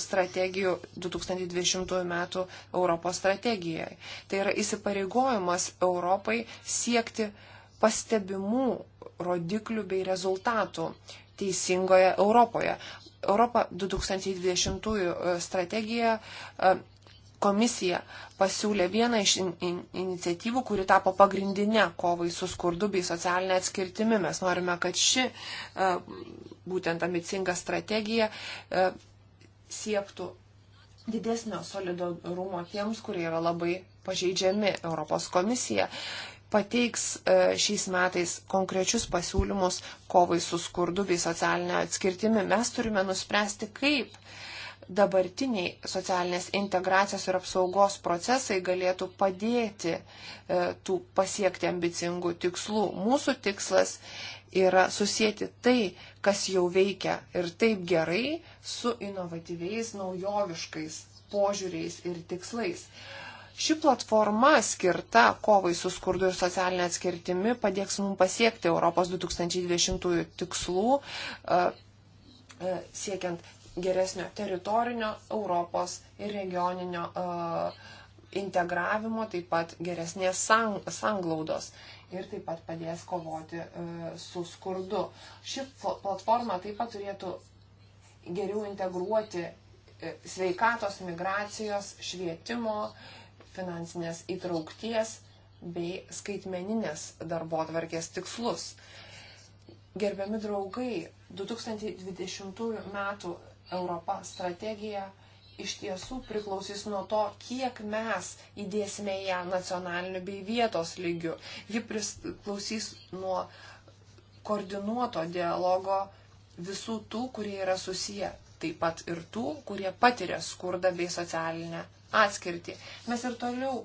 strategijų 2020 m. Europos strategijoje. Tai yra įsipareigojimas Europai siekti pastebimų rodiklių bei rezultatų teisingoje Europoje. Europa 2020 strategija komisija pasiūlė vieną iš in, in, iniciatyvų, kuri tapo pagrindinė kovai su skurdu bei socialinė atskirtimi. Mes norime, kad ši e, būtent ambicinga strategija e, siektų didesnio solidarumo tiems, kurie yra labai pažeidžiami. Europos komisija pateiks e, šiais metais konkrečius pasiūlymus kovai su skurdu bei socialinė atskirtimi. Mes turime nuspręsti, kaip dabartiniai socialinės integracijos ir apsaugos procesai galėtų padėti e, tų pasiekti ambicingų tikslų. Mūsų tikslas yra susijęti tai, kas jau veikia ir taip gerai, su inovatyviais, naujoviškais požiūriais ir tikslais. Ši platforma skirta kovai su skurdu ir socialinė atskirtimi padėks mums pasiekti Europos 2020 tikslų, e, e, siekiant geresnio teritorinio Europos ir regioninio uh, integravimo, taip pat geresnės sang, sanglaudos ir taip pat padės kovoti uh, su skurdu. Ši platforma taip pat turėtų geriau integruoti e, sveikatos, migracijos, švietimo, finansinės įtraukties bei skaitmeninės darbo atvarkės tikslus. Gerbiami draugai, 2020 m. Europa strategija iš tiesų priklausys nuo to, kiek mes įdėsime ją nacionaliniu bei vietos lygiu. Ji priklausys nuo koordinuoto dialogo visų tų, kurie yra susiję, taip pat ir tų, kurie patiria skurdą bei socialinę atskirtį. Mes ir toliau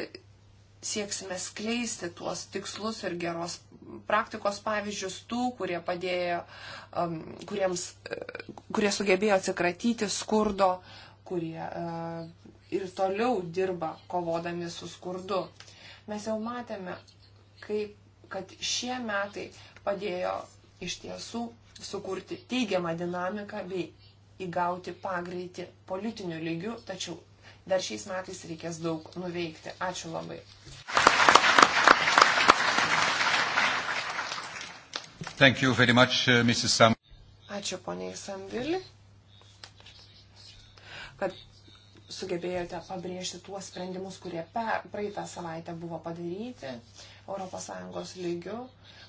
e, sieksime skleisti tuos tikslus ir geros praktikos pavyzdžius tų, kurie padėjo, um, kuriems, e, kurie sugebėjo atsikratyti skurdo, kurie uh, ir toliau dirba kovodami su skurdu. Mes jau matėme, kaip, kad šie metai padėjo iš tiesų sukurti teigiamą dinamiką bei įgauti pagreitį politiniu lygiu, tačiau dar šiais metais reikės daug nuveikti. Ačiū labai. Thank you very much, uh, Mrs. Sam. Ačiū poniai Sandili, kad sugebėjote pabrėžti tuos sprendimus, kurie per, praeitą savaitę buvo padaryti ES lygiu.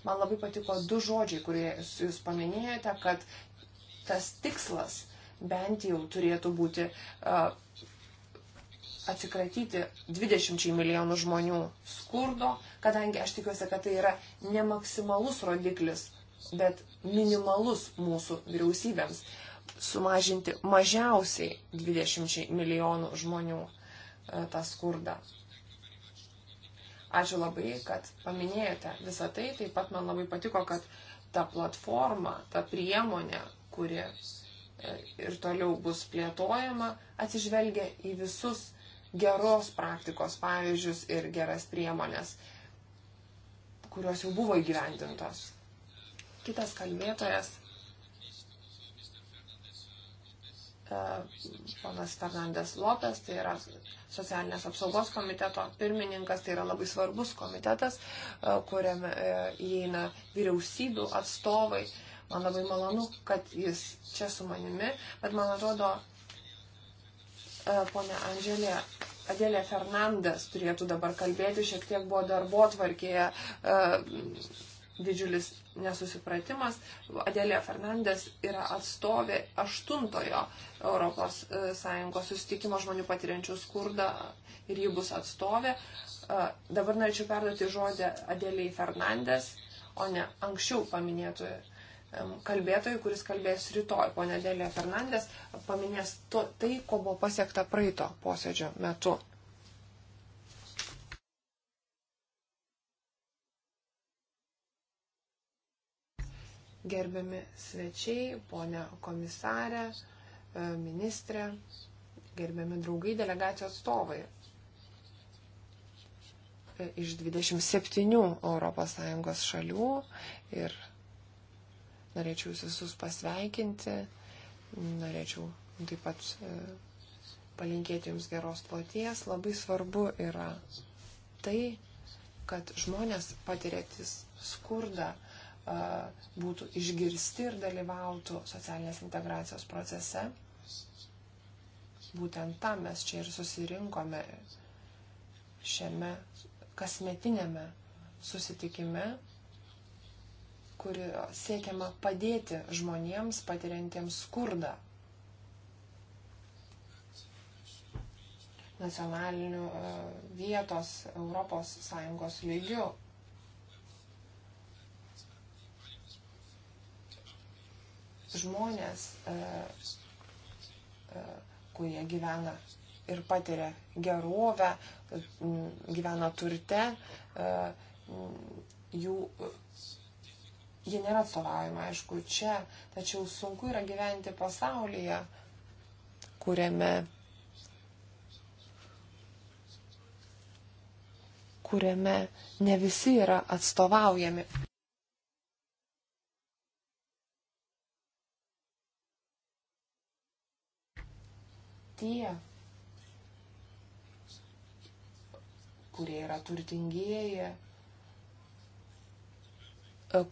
Man labai patiko du žodžiai, kurie jūs paminėjote, kad tas tikslas bent jau turėtų būti uh, atsikratyti 20 milijonų žmonių skurdo, kadangi aš tikiuosi, kad tai yra ne maksimalus rodiklis bet minimalus mūsų vyriausybėms sumažinti mažiausiai 20 milijonų žmonių e, tą skurdą. Ačiū labai, kad paminėjote visą tai. Taip pat man labai patiko, kad ta platforma, ta priemonė, kuri e, ir toliau bus plėtojama, atsižvelgia į visus geros praktikos pavyzdžius ir geras priemonės, kurios jau buvo įgyvendintos kitas kalbėtojas, e, ponas Fernandes Lopes, tai yra socialinės apsaugos komiteto pirmininkas, tai yra labai svarbus komitetas, e, kuriame e, įeina vyriausybių atstovai. Man labai malonu, kad jis čia su manimi, bet man atrodo, ponė Andželė, Adėlė Fernandes turėtų dabar kalbėti, šiek tiek buvo darbo tvarkėje didžiulis nesusipratimas. Adelė Fernandės yra atstovė aštuntojo ES e, susitikimo žmonių patiriančių skurdą ir ji bus atstovė. E, dabar norėčiau perduoti žodį Adeliai Fernandės, o ne anksčiau paminėtųjų kalbėtojų, kuris kalbės rytoj. Pone Adelė Fernandės paminės to, tai, ko buvo pasiekta praeito posėdžio metu. gerbiami svečiai, ponia komisarė, e, ministrė, gerbiami draugai, delegacijos atstovai. E, iš 27 ES šalių ir norėčiau jūs visus pasveikinti, norėčiau taip pat e, palinkėti jums geros ploties. Labai svarbu yra tai, kad žmonės patiriantis skurdą, būtų išgirsti ir dalyvautų socialinės integracijos procese. Būtent tam mes čia ir susirinkome šiame kasmetinėme susitikime, kurio siekiama padėti žmonėms patiriantiems skurdą nacionalinių vietos ES lygių. žmonės, e, e, kurie gyvena ir patiria gerovę, gyvena turte, e, jų, jie nėra atstovaujama, aišku, čia, tačiau sunku yra gyventi pasaulyje, kuriame, kuriame ne visi yra atstovaujami. tie, kurie yra turtingieji,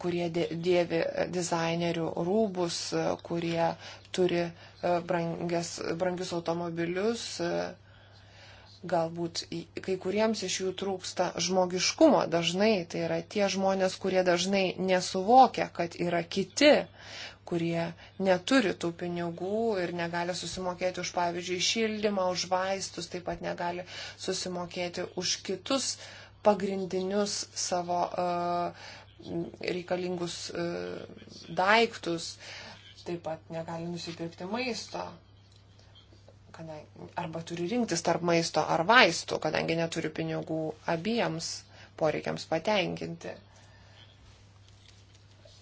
kurie dėvi dizainerių rūbus, kurie turi e, brangias, brangius automobilius. E, galbūt kai kuriems iš jų trūksta žmogiškumo dažnai, tai yra tie žmonės, kurie dažnai nesuvokia, kad yra kiti, kurie neturi tų pinigų ir negali susimokėti už, pavyzdžiui, šildymą, už vaistus, taip pat negali susimokėti už kitus pagrindinius savo uh, reikalingus uh, daiktus, taip pat negali nusipirkti maisto, kadangi, arba turi rinktis tarp maisto ar vaistų, kadangi neturi pinigų abiems poreikiams patenkinti.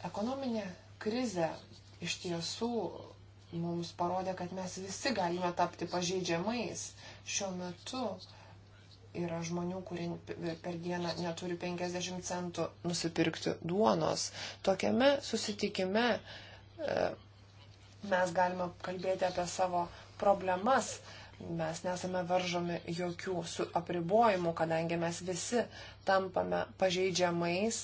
Ekonominė krizė iš tiesų mums parodė, kad mes visi galime tapti pažeidžiamais. Šiuo metu yra žmonių, kurie per dieną neturi 50 centų nusipirkti duonos. Tokiame susitikime e, mes galime kalbėti apie savo problemas. Mes nesame varžomi jokių apribojimų, kadangi mes visi tampame pažeidžiamais,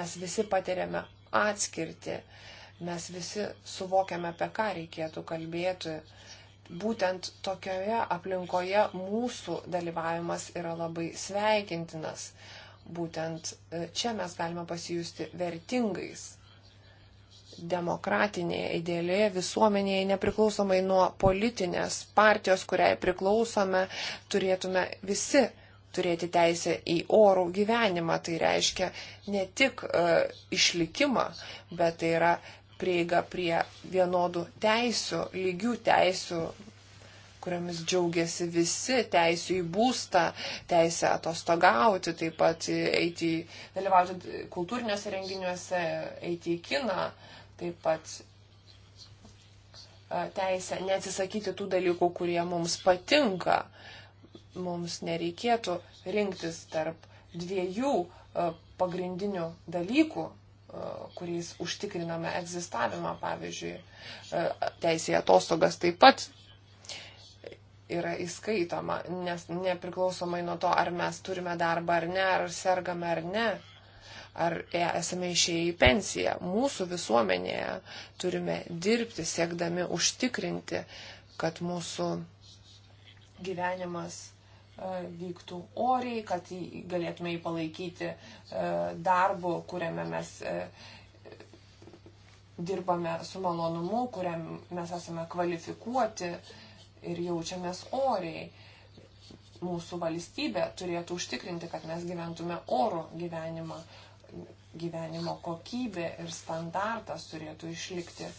mes visi patiriame atskirti. Uh, Mes visi suvokiame, apie ką reikėtų kalbėti. Būtent tokioje aplinkoje mūsų dalyvavimas yra labai sveikintinas. Būtent e, čia mes galime pasijusti vertingais demokratinėje, idealioje visuomenėje, nepriklausomai nuo politinės partijos, kuriai priklausome, turėtume visi turėti teisę į orų gyvenimą. Tai reiškia ne tik e, išlikimą, bet tai yra prieigą prie vienodų teisių, lygių teisių, kuriamis džiaugiasi visi - teisų į būstą, teisę atostogauti, taip pat eiti, dalyvauti kultūriniuose renginiuose, eiti į kiną, taip pat teisę neatsisakyti tų dalykų, kurie mums patinka. Mums nereikėtų rinktis tarp dviejų pagrindinių dalykų E, kuriais užtikriname egzistavimą, pavyzdžiui, e, teisė atostogas taip pat yra įskaitoma, nes nepriklausomai nuo to, ar mes turime darbą ar ne, ar sergame ar ne, ar e, esame išėję į pensiją, mūsų visuomenėje turime dirbti, siekdami užtikrinti, kad mūsų gyvenimas E, vyktų oriai, kad galėtume jį palaikyti e, darbu, kuriame mes e, dirbame su malonumu, kuriam mes esame kvalifikuoti ir jaučiamės oriai. Mūsų valstybė turėtų užtikrinti, kad mes gyventume oro gyvenimą. Gyvenimo kokybė ir standartas turėtų išlikti e,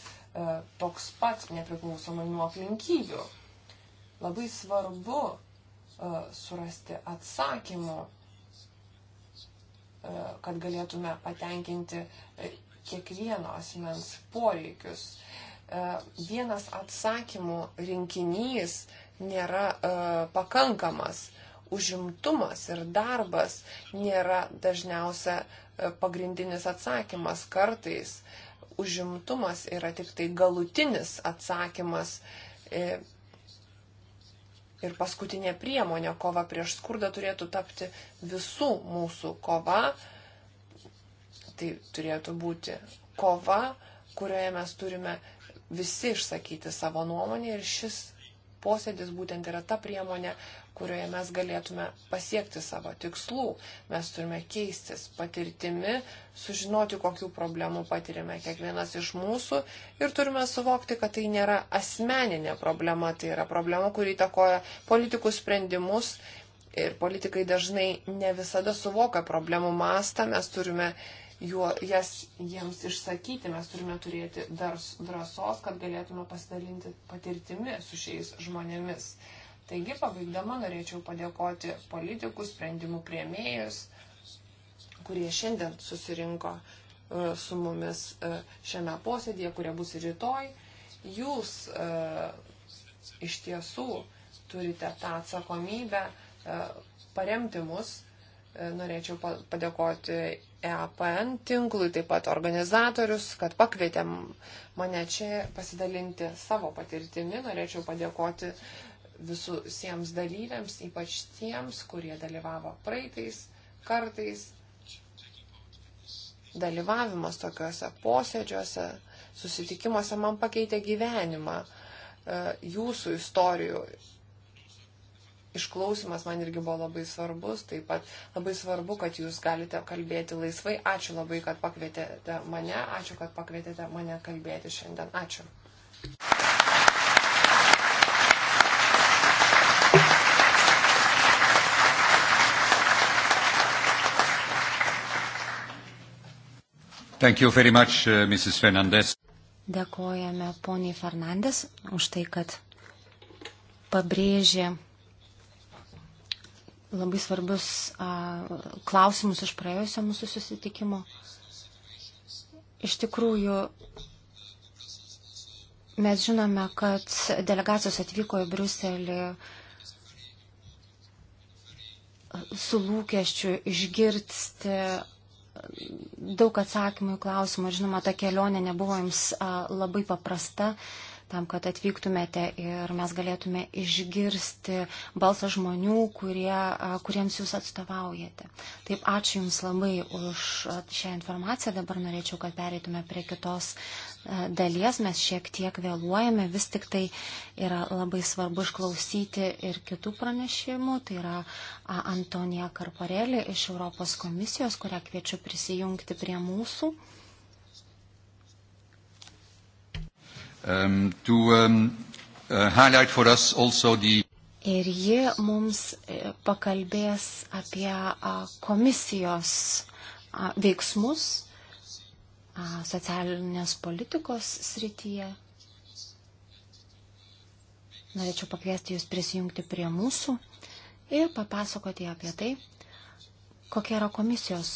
toks pat, nepriklausomai nuo aplinkybių. Labai svarbu E, surasti atsakymų, e, kad galėtume patenkinti e, kiekvieno asmens poreikius. Vienas atsakymų rinkinys nėra pakankamas. Užimtumas ir darbas nėra dažniausia pagrindinis atsakymas kartais užimtumas yra tik tai galutinis atsakymas ir paskutinė priemonė kova prieš skurdą turėtų tapti visų mūsų kova. Tai turėtų būti kova, kurioje mes turime visi išsakyti savo nuomonę ir šis posėdis būtent yra ta priemonė, kurioje mes galėtume pasiekti savo tikslų. Mes turime keistis patirtimi, sužinoti, kokių problemų patirime kiekvienas iš mūsų ir turime suvokti, kad tai nėra asmeninė problema, tai yra problema, kuri įtakoja politikų sprendimus ir politikai dažnai ne visada suvoka problemų mastą, mes turime juo, jas jiems išsakyti, mes turime turėti drąsos, kad galėtume pasidalinti patirtimi su šiais žmonėmis. Taigi, pabaigdama norėčiau padėkoti politikų sprendimų prieimėjus, kurie šiandien susirinko e, su mumis e, šiame posėdėje, kurie bus rytoj. Jūs e, iš tiesų turite tą atsakomybę paremti mus. Norėčiau padėkoti EAPN tinklui, taip pat organizatorius, kad pakvietėm mane čia pasidalinti savo patirtimi. Norėčiau padėkoti uh, visiems dalyviams, ypač tiems, kurie dalyvavo praeitais kartais. Dalyvavimas tokiuose posėdžiuose, susitikimuose man pakeitė gyvenimą, e, jūsų istorijų. Išklausimas man irgi buvo labai svarbus, taip pat labai svarbu, kad jūs galite kalbėti laisvai. Ačiū labai, kad pakvietėte mane, ačiū, kad pakvietėte mane kalbėti šiandien. Ačiū. Much, uh, Dėkojame poniai Fernandes už tai, kad pabrėžė labai svarbius a, klausimus iš praėjusio mūsų susitikimo. Iš tikrųjų, mes žinome, kad delegacijos atvyko į Bruselį su lūkesčiu išgirsti daug atsakymų į klausimą. Žinoma, ta kelionė nebuvo jums labai paprasta, tam, kad atvyktumėte ir mes galėtume išgirsti balsą žmonių, kurie, kuriems jūs atstovaujate. Taip, ačiū Jums labai už šią informaciją. Dabar norėčiau, kad pereitume prie kitos dalies. Mes šiek tiek vėluojame, vis tik tai yra labai svarbu išklausyti ir kitų pranešimų. Tai yra Antonija Karparelė iš Europos komisijos, kurią kviečiu prisijungti prie mūsų. um, to um, uh, highlight for us also the Ir ji mums e, pakalbės apie komisijos veiksmus socialinės politikos srityje. Norėčiau pakviesti jūs prisijungti prie mūsų ir papasakoti apie tai, Kokia yra komisijos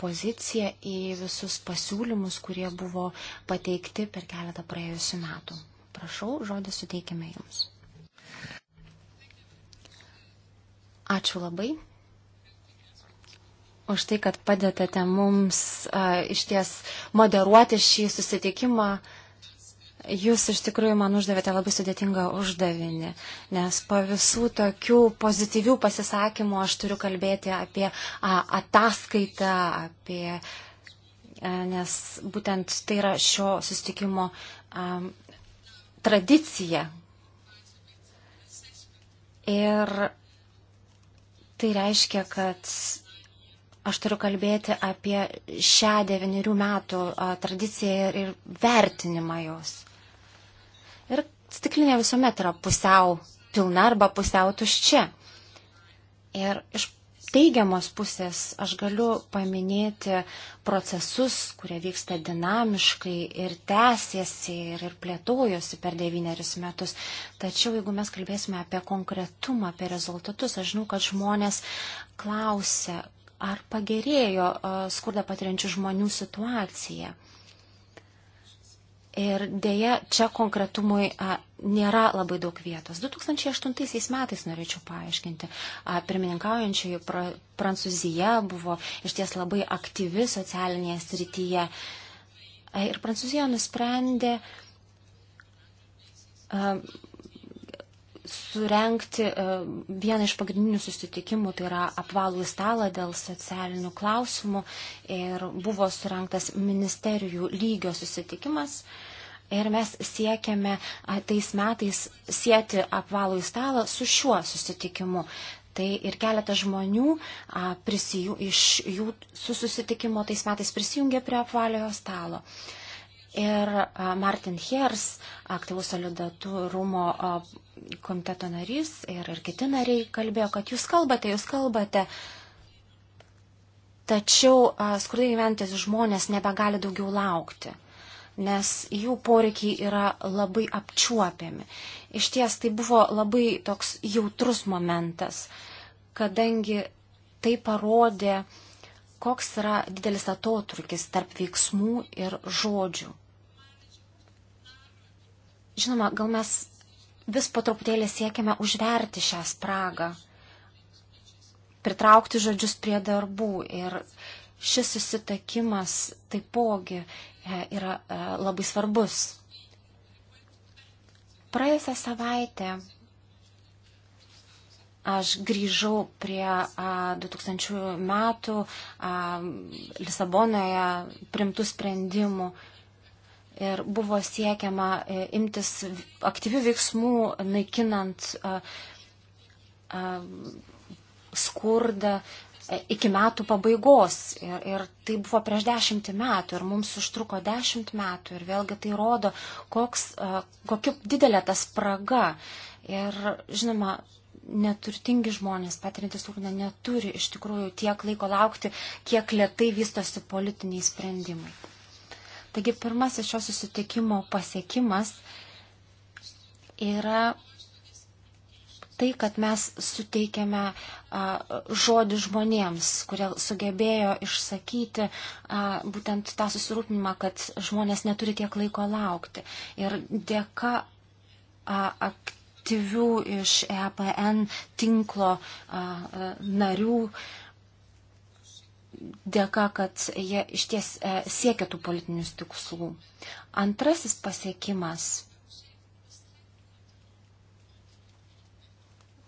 pozicija į visus pasiūlymus, kurie buvo pateikti per keletą praėjusių metų? Prašau, žodį suteikime Jums. Ačiū labai už tai, kad padedate mums a, iš ties moderuoti šį susitikimą. Jūs iš tikrųjų man uždavėte labai sudėtingą uždavinį, nes po visų tokių pozityvių pasisakymų aš turiu kalbėti apie a, ataskaitą, apie, a, nes būtent tai yra šio sustikimo a, tradicija. Ir tai reiškia, kad aš turiu kalbėti apie šią devyniarių metų a, tradiciją ir, ir vertinimą jos stiklinė visuomet yra pusiau pilna arba pusiau tuščia. Ir iš teigiamos pusės aš galiu paminėti procesus, kurie vyksta dinamiškai ir tęsiasi ir, ir plėtojosi per devynerius metus. Tačiau jeigu mes kalbėsime apie konkretumą, apie rezultatus, aš žinau, kad žmonės klausia, ar pagerėjo skurdą patiriančių žmonių situacija. Ir dėja, čia konkretumui a, nėra labai daug vietos. 2008 metais norėčiau paaiškinti. A, pirmininkaujančiai pra, Prancūzija buvo iš ties labai aktyvi socialinėje srityje. A, ir Prancūzija nusprendė a, surenkti a, vieną iš pagrindinių susitikimų, tai yra apvalų stalą dėl socialinių klausimų. Ir buvo surenktas ministerijų lygio susitikimas. A, Ir mes siekiame tais metais sieti apvalų į stalą su šiuo susitikimu. Tai ir keletas žmonių a, prisijų, iš jų su susitikimo tais metais prisijungė prie apvaliojo stalo. Ir a, Martin Hers, aktyvų solidaturumo komiteto narys ir, ir kiti nariai kalbėjo, kad jūs kalbate, jūs kalbate. Tačiau skurdai gyventis žmonės nebegali daugiau laukti nes jų poreikiai yra labai apčiuopiami. Iš ties tai buvo labai toks jautrus momentas, kadangi tai parodė, koks yra didelis atotrukis tarp veiksmų ir žodžių. Žinoma, gal mes vis po truputėlį siekiame užverti šią spragą, pritraukti žodžius prie darbų ir šis susitakimas taipogi E, yra e, labai svarbus. Praėjusią savaitę aš grįžau prie 2000 metų Lisabonoje primtų sprendimų ir buvo siekiama e, imtis aktyvių veiksmų naikinant skurdą, E, iki metų pabaigos. Ir, ir tai buvo prieš dešimtį metų ir mums užtruko dešimt metų. Ir vėlgi tai rodo, koks, e, kokia didelė ta spraga. Ir žinoma, neturtingi žmonės patirintis skurdą neturi iš tikrųjų tiek laiko laukti, kiek lietai vystosi politiniai sprendimai. Taigi pirmasis šio susitikimo pasiekimas yra tai, kad mes suteikėme žodį žmonėms, kurie sugebėjo išsakyti būtent tą susirūpinimą, kad žmonės neturi tiek laiko laukti. Ir dėka aktyvių iš EPN tinklo narių, dėka, kad jie iš ties e, siekia tų politinius tikslų. Antrasis pasiekimas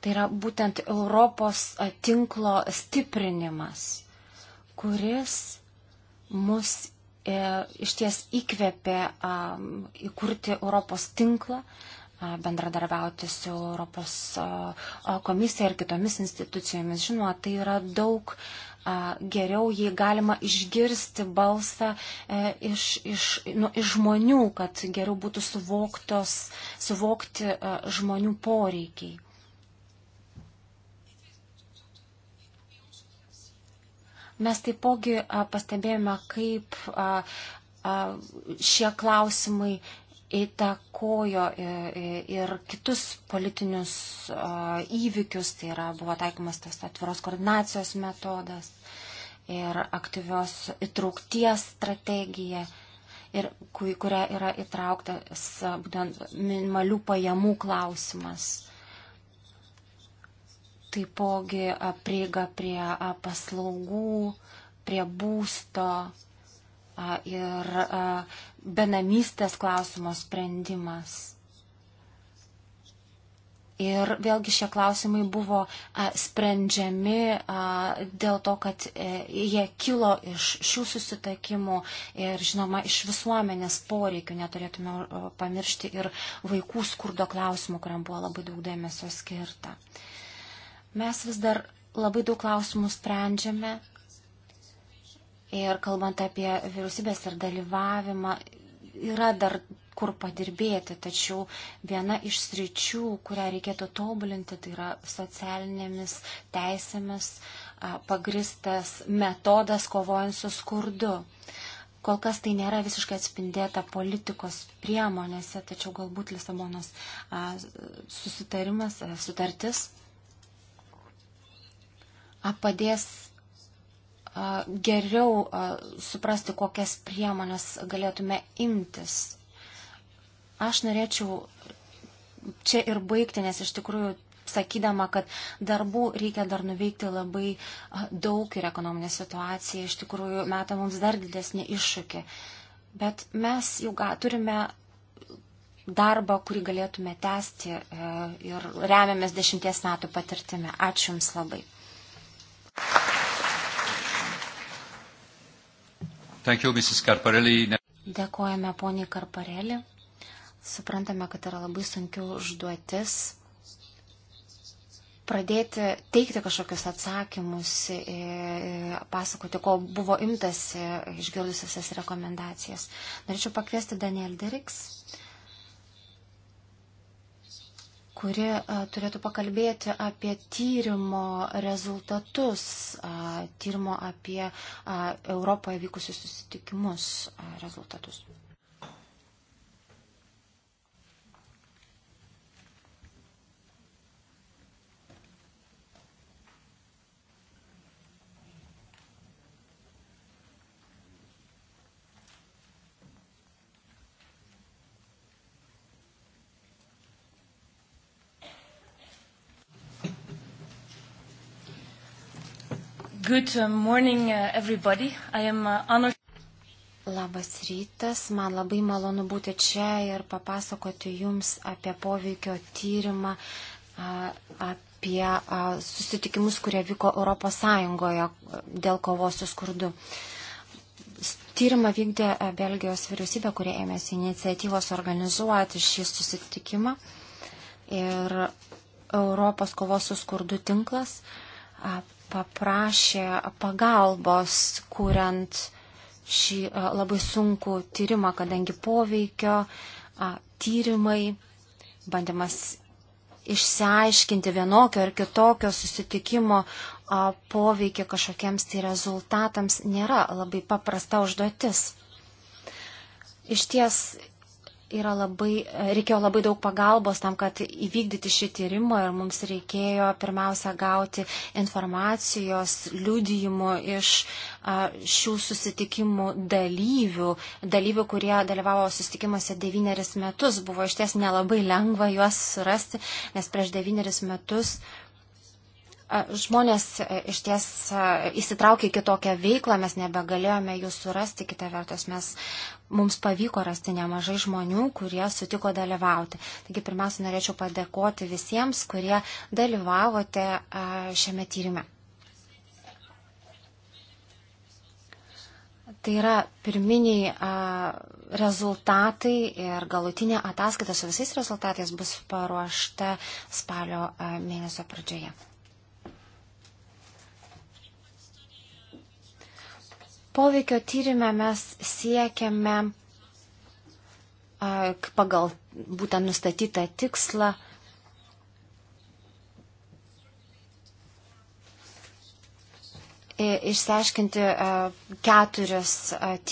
Tai yra būtent Europos tinklo stiprinimas, kuris mus e, iš ties įkvėpė a, įkurti Europos tinklą, a, bendradarbiauti su Europos a, komisija ir kitomis institucijomis. Žinoma, tai yra daug geriau, jei galima išgirsti balsą e, iš, iš, nu, iš žmonių, kad geriau būtų suvoktos, suvokti e, žmonių poreikiai. Mes taipogi pastebėjome, kaip šie klausimai įtakojo e, e, ir kitus politinius įvykius, tai yra buvo taikomas tas atviros koordinacijos metodas ir aktyvios įtraukties strategija, ir kuria yra įtrauktas būtent minimalių pajamų klausimas taipogi prieiga prie paslaugų, prie būsto ir benamystės klausimo sprendimas. Ir vėlgi šie klausimai buvo sprendžiami dėl to, kad e, jie kilo iš šių susitakimų ir, žinoma, iš visuomenės poreikių. Neturėtume pamiršti ir vaikų skurdo klausimų, kuriam buvo labai daug dėmesio skirta. Uh, Mes vis dar labai daug klausimų sprendžiame ir kalbant apie vyriausybės ir dalyvavimą, yra dar kur padirbėti, tačiau viena iš sričių, kurią reikėtų tobulinti, tai yra socialinėmis teisėmis pagristas metodas kovojant su skurdu. Kol kas tai nėra visiškai atspindėta politikos priemonėse, tačiau galbūt Lisabonos susitarimas, sutartis padės geriau suprasti, kokias priemonės galėtume imtis. Aš norėčiau čia ir baigti, nes iš tikrųjų sakydama, kad darbų reikia dar nuveikti labai daug ir ekonominė situacija iš tikrųjų meta mums dar didesnį iššūkį. Bet mes jau ga, turime darbą, kurį galėtume tęsti e, ir remiamės dešimties metų patirtimi. Ačiū Jums labai. Thank you, Mrs. Carparelli. Dėkojame poniai Karparelį. Suprantame, kad yra labai sunkiu užduotis pradėti teikti kažkokius atsakymus, e, e, pasakoti, ko buvo imtasi išgirdusias rekomendacijas. Norėčiau pakviesti Daniel Deriks kuri turėtų pakalbėti apie tyrimo rezultatus, tyrimo apie Europoje vykusius susitikimus rezultatus. Good uh, morning, uh, everybody. I am honored. Uh, Labas rytas, man labai malonu būti čia ir papasakoti Jums apie poveikio tyrimą, apie susitikimus, kurie vyko ES dėl kovos su skurdu. Tyrimą vykdė Belgijos vyriausybė, kurie ėmėsi iniciatyvos organizuoti šį susitikimą. Ir Europos kovos su skurdu tinklas paprašė pagalbos, kuriant šį e, labai sunkų tyrimą, kadangi poveikio tyrimai, bandymas išsiaiškinti vienokio ar kitokio susitikimo poveikį kažkokiems tai rezultatams nėra labai paprasta užduotis. Iš ties yra labai, reikėjo labai daug pagalbos tam, kad įvykdyti šį tyrimą ir mums reikėjo pirmiausia gauti informacijos, liudijimų iš šių susitikimų dalyvių, dalyvių, kurie dalyvavo susitikimuose devyneris metus. Buvo iš ties nelabai lengva juos surasti, nes prieš devyneris metus Žmonės e, iš ties e, įsitraukė į kitokią veiklą, mes nebegalėjome jų surasti, kita vertus mes, mums pavyko rasti nemažai žmonių, kurie sutiko dalyvauti. Taigi pirmiausia, norėčiau padėkoti visiems, kurie dalyvavote e, šiame tyrime. Tai yra pirminiai a, rezultatai ir galutinė ataskaita su visais rezultatais bus paruošta spalio a, mėnesio pradžioje. Poveikio tyrimę mes siekiame pagal būtent nustatytą tikslą išsiaiškinti keturis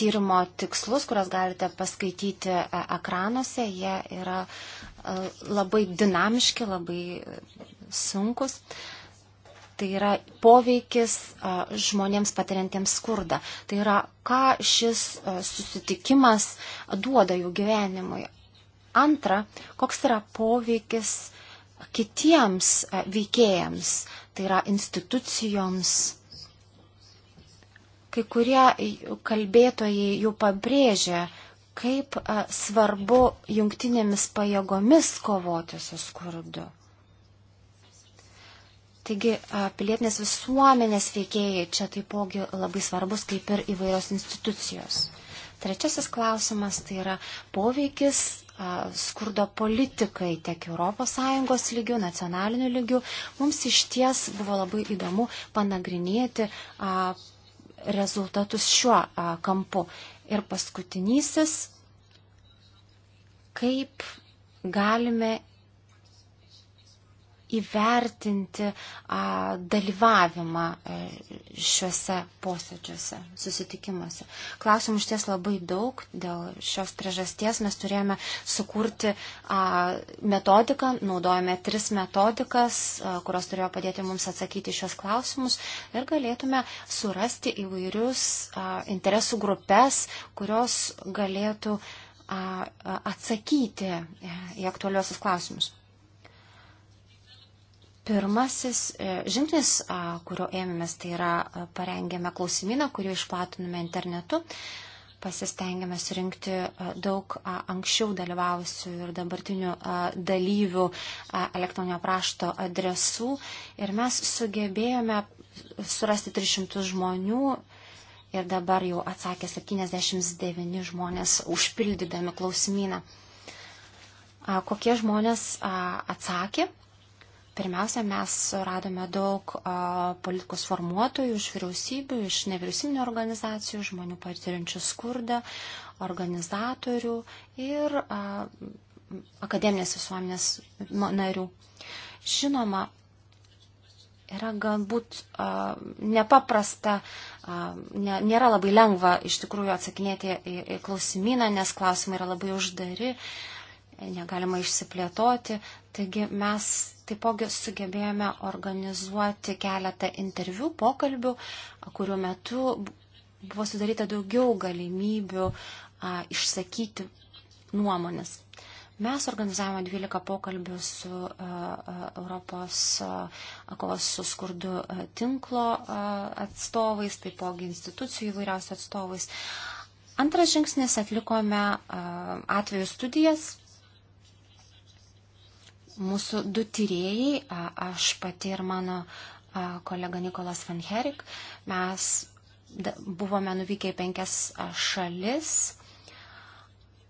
tyrimo tikslus, kuriuos galite paskaityti ekranuose. Jie yra labai dinamiški, labai sunkus tai yra poveikis žmonėms patiriantiems skurdą. Tai yra, ką šis susitikimas duoda jų gyvenimui. Antra, koks yra poveikis kitiems veikėjams, tai yra institucijoms. Kai kurie kalbėtojai jau pabrėžė, kaip svarbu jungtinėmis pajėgomis kovoti su skurdu. Taigi pilietinės visuomenės veikėjai čia taipogi labai svarbus, kaip ir įvairios institucijos. Trečiasis klausimas tai yra poveikis skurdo politikai tiek ES lygių, nacionalinių lygių. Mums iš ties buvo labai įdomu panagrinėti rezultatus šiuo kampu. Ir paskutinysis, kaip galime įvertinti a, dalyvavimą a, e, šiuose posėdžiuose, susitikimuose. Klausimų iš ties labai daug, dėl šios priežasties mes turėjome sukurti a, metodiką, naudojame tris metodikas, a, kurios turėjo padėti mums atsakyti šios klausimus ir galėtume surasti įvairius a, interesų grupės, kurios galėtų a, a, atsakyti į aktualiuosius klausimus. Pirmasis e, žingsnis, kurio ėmėmės, tai yra parengėme klausimyną, kurį išplatinome internetu. Pasistengėme surinkti daug anksčiau dalyvavusių ir dabartinių dalyvių elektroninio prašto adresų ir mes sugebėjome surasti 300 žmonių ir dabar jau atsakė 79 žmonės užpildydami klausimyną. Kokie žmonės atsakė? Pirmiausia, mes radome daug politikos formuotojų iš vyriausybių, iš nevyriausybinio organizacijų, žmonių patiriančių skurdą, organizatorių ir akademinės visuomenės narių. Žinoma, yra galbūt a, nepaprasta, a, ne, nėra labai lengva iš tikrųjų atsakinėti į, į klausimyną, nes klausimai yra labai uždari. A, negalima išsiplėtoti. Taigi mes taipogi sugebėjome organizuoti keletą interviu, pokalbių, kurių metu buvo sudaryta daugiau galimybių a, išsakyti nuomonės. Mes organizavome 12 pokalbių su a, a, Europos kovos su skurdu a, tinklo a, atstovais, taipogi institucijų įvairiausių atstovais. Antras žingsnis atlikome a, atvejų studijas mūsų du tyrėjai, aš pati ir mano kolega Nikolas Van Herik, mes buvome nuvykę į penkias šalis,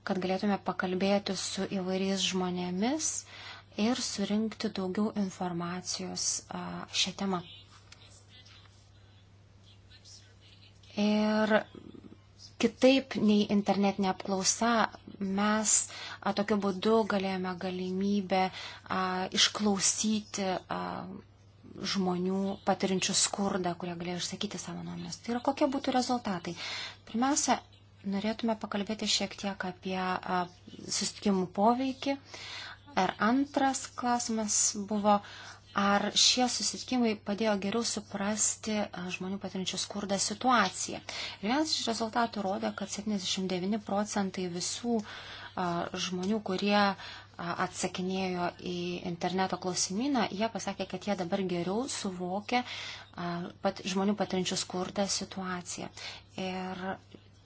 kad galėtume pakalbėti su įvairiais žmonėmis ir surinkti daugiau informacijos šią temą. Ir Kitaip nei internetinė apklausa, mes a, tokiu būdu galėjome galimybę a, išklausyti a, žmonių patirinčių skurdą, kurie galėjo išsakyti savo nuomonės. Tai yra kokie būtų rezultatai. Pirmiausia, norėtume pakalbėti šiek tiek apie a, susitikimų poveikį. Ir antras klausimas buvo, Ar šie susitikimai padėjo geriau suprasti e, žmonių patirinčių skurdą situaciją? Ir vienas iš rezultatų rodo, kad 79 procentai visų e, žmonių, kurie e, atsakinėjo į interneto klausimyną, jie pasakė, kad jie dabar geriau suvokia pat, žmonių patirinčių skurdą situaciją. Ir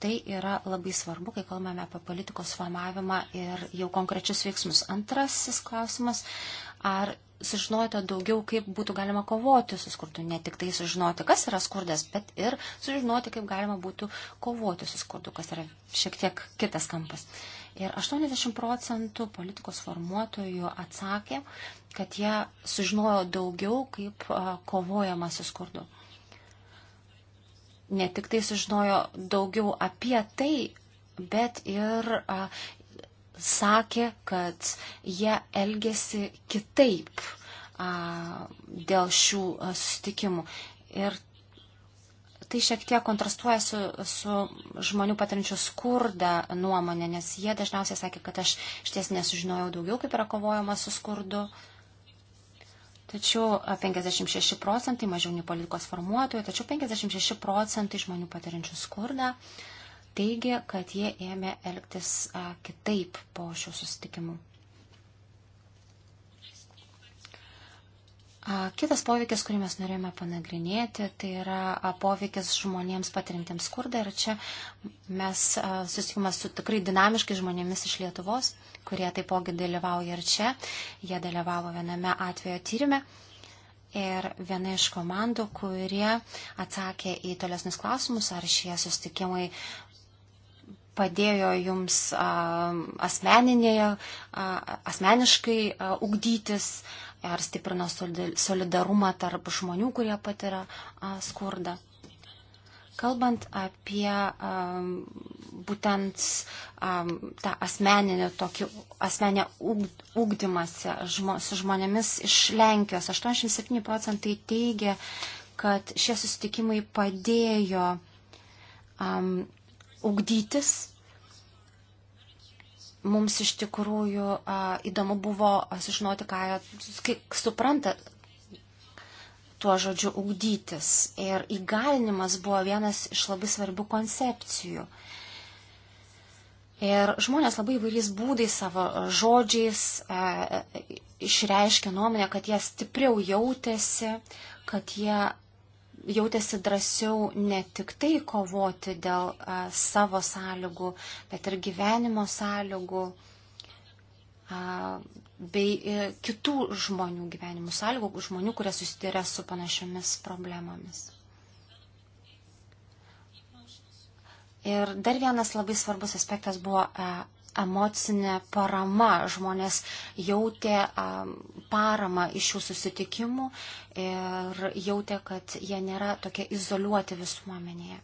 tai yra labai svarbu, kai kalbame apie politikos formavimą ir jau konkrečius veiksmus. Antrasis klausimas Ar sužinojote daugiau, kaip būtų galima kovoti su skurdu, ne tik tai sužinoti, kas yra skurdas, bet ir sužinoti, kaip galima būtų kovoti su skurdu, kas yra šiek tiek kitas kampas. Ir 80 procentų politikos formuotojų atsakė, kad jie sužinojo daugiau, kaip kovojama su skurdu. Ne tik tai sužinojo daugiau apie tai, bet ir a, sakė, kad jie elgėsi kitaip a, dėl šių a, sustikimų. Ir tai šiek tiek kontrastuoja su, su žmonių patirinčių skurdą nuomonė, nes jie dažniausiai sakė, kad aš iš ties nesužinojau daugiau, kaip yra kovojama su skurdu. Tačiau 56 procentai mažiau nei politikos formuotojų, tačiau 56 procentai žmonių patirinčių skurdą uh, teigia, kad jie ėmė elgtis kitaip po šių susitikimų. Kitas poveikis, kurį mes norėjome panagrinėti, tai yra poveikis žmonėms patirintiems skurdą ir čia mes susitikome su tikrai dinamiškai žmonėmis iš Lietuvos, kurie taipogi dalyvauja ir čia. Jie dalyvavo viename atvejo tyrimė ir viena iš komandų, kurie atsakė į tolesnius klausimus, ar šie susitikimai padėjo jums asmeninėje, asmeniškai ugdytis ar stiprino solidarumą tarp žmonių, kurie patiria skurdą. Kalbant apie būtent tą asmeninį tokį asmenę ugdymąsi su žmonėmis iš Lenkijos, 87 procentai teigia, kad šie susitikimai padėjo um, ugdytis. Mums iš tikrųjų a, įdomu buvo sužinoti, ką jie supranta tuo žodžiu ugdytis. Ir įgalinimas buvo vienas iš labai svarbių koncepcijų. Ir žmonės labai įvairiais būdais savo žodžiais e, išreiškė nuomonę, kad jie stipriau jautėsi, kad jie jautėsi drąsiau ne tik tai kovoti dėl a, e, savo sąlygų, bet ir gyvenimo sąlygų a, e, bei a, e, kitų žmonių gyvenimų sąlygų, žmonių, kurie susiduria su panašiomis problemomis. Ir dar vienas labai svarbus aspektas buvo a, emocinė parama. Žmonės jautė paramą iš šių susitikimų ir jautė, kad jie nėra tokie izoliuoti visuomenėje.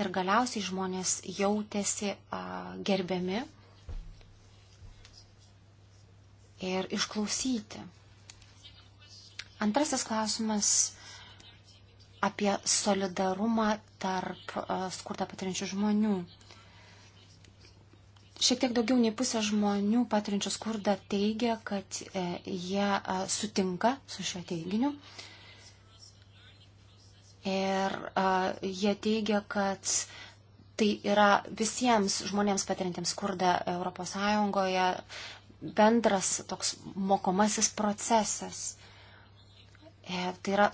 Ir galiausiai žmonės jautėsi gerbiami ir išklausyti. Antrasis klausimas apie solidarumą tarp skurdą patiriančių žmonių. Šiek tiek daugiau nei pusė žmonių patirinčių skurdą teigia, kad e, jie sutinka su šiuo teiginiu. Ir jie teigia, kad tai yra visiems žmonėms patirintiems skurdą ES bendras toks mokomasis procesas. Ir e, tai yra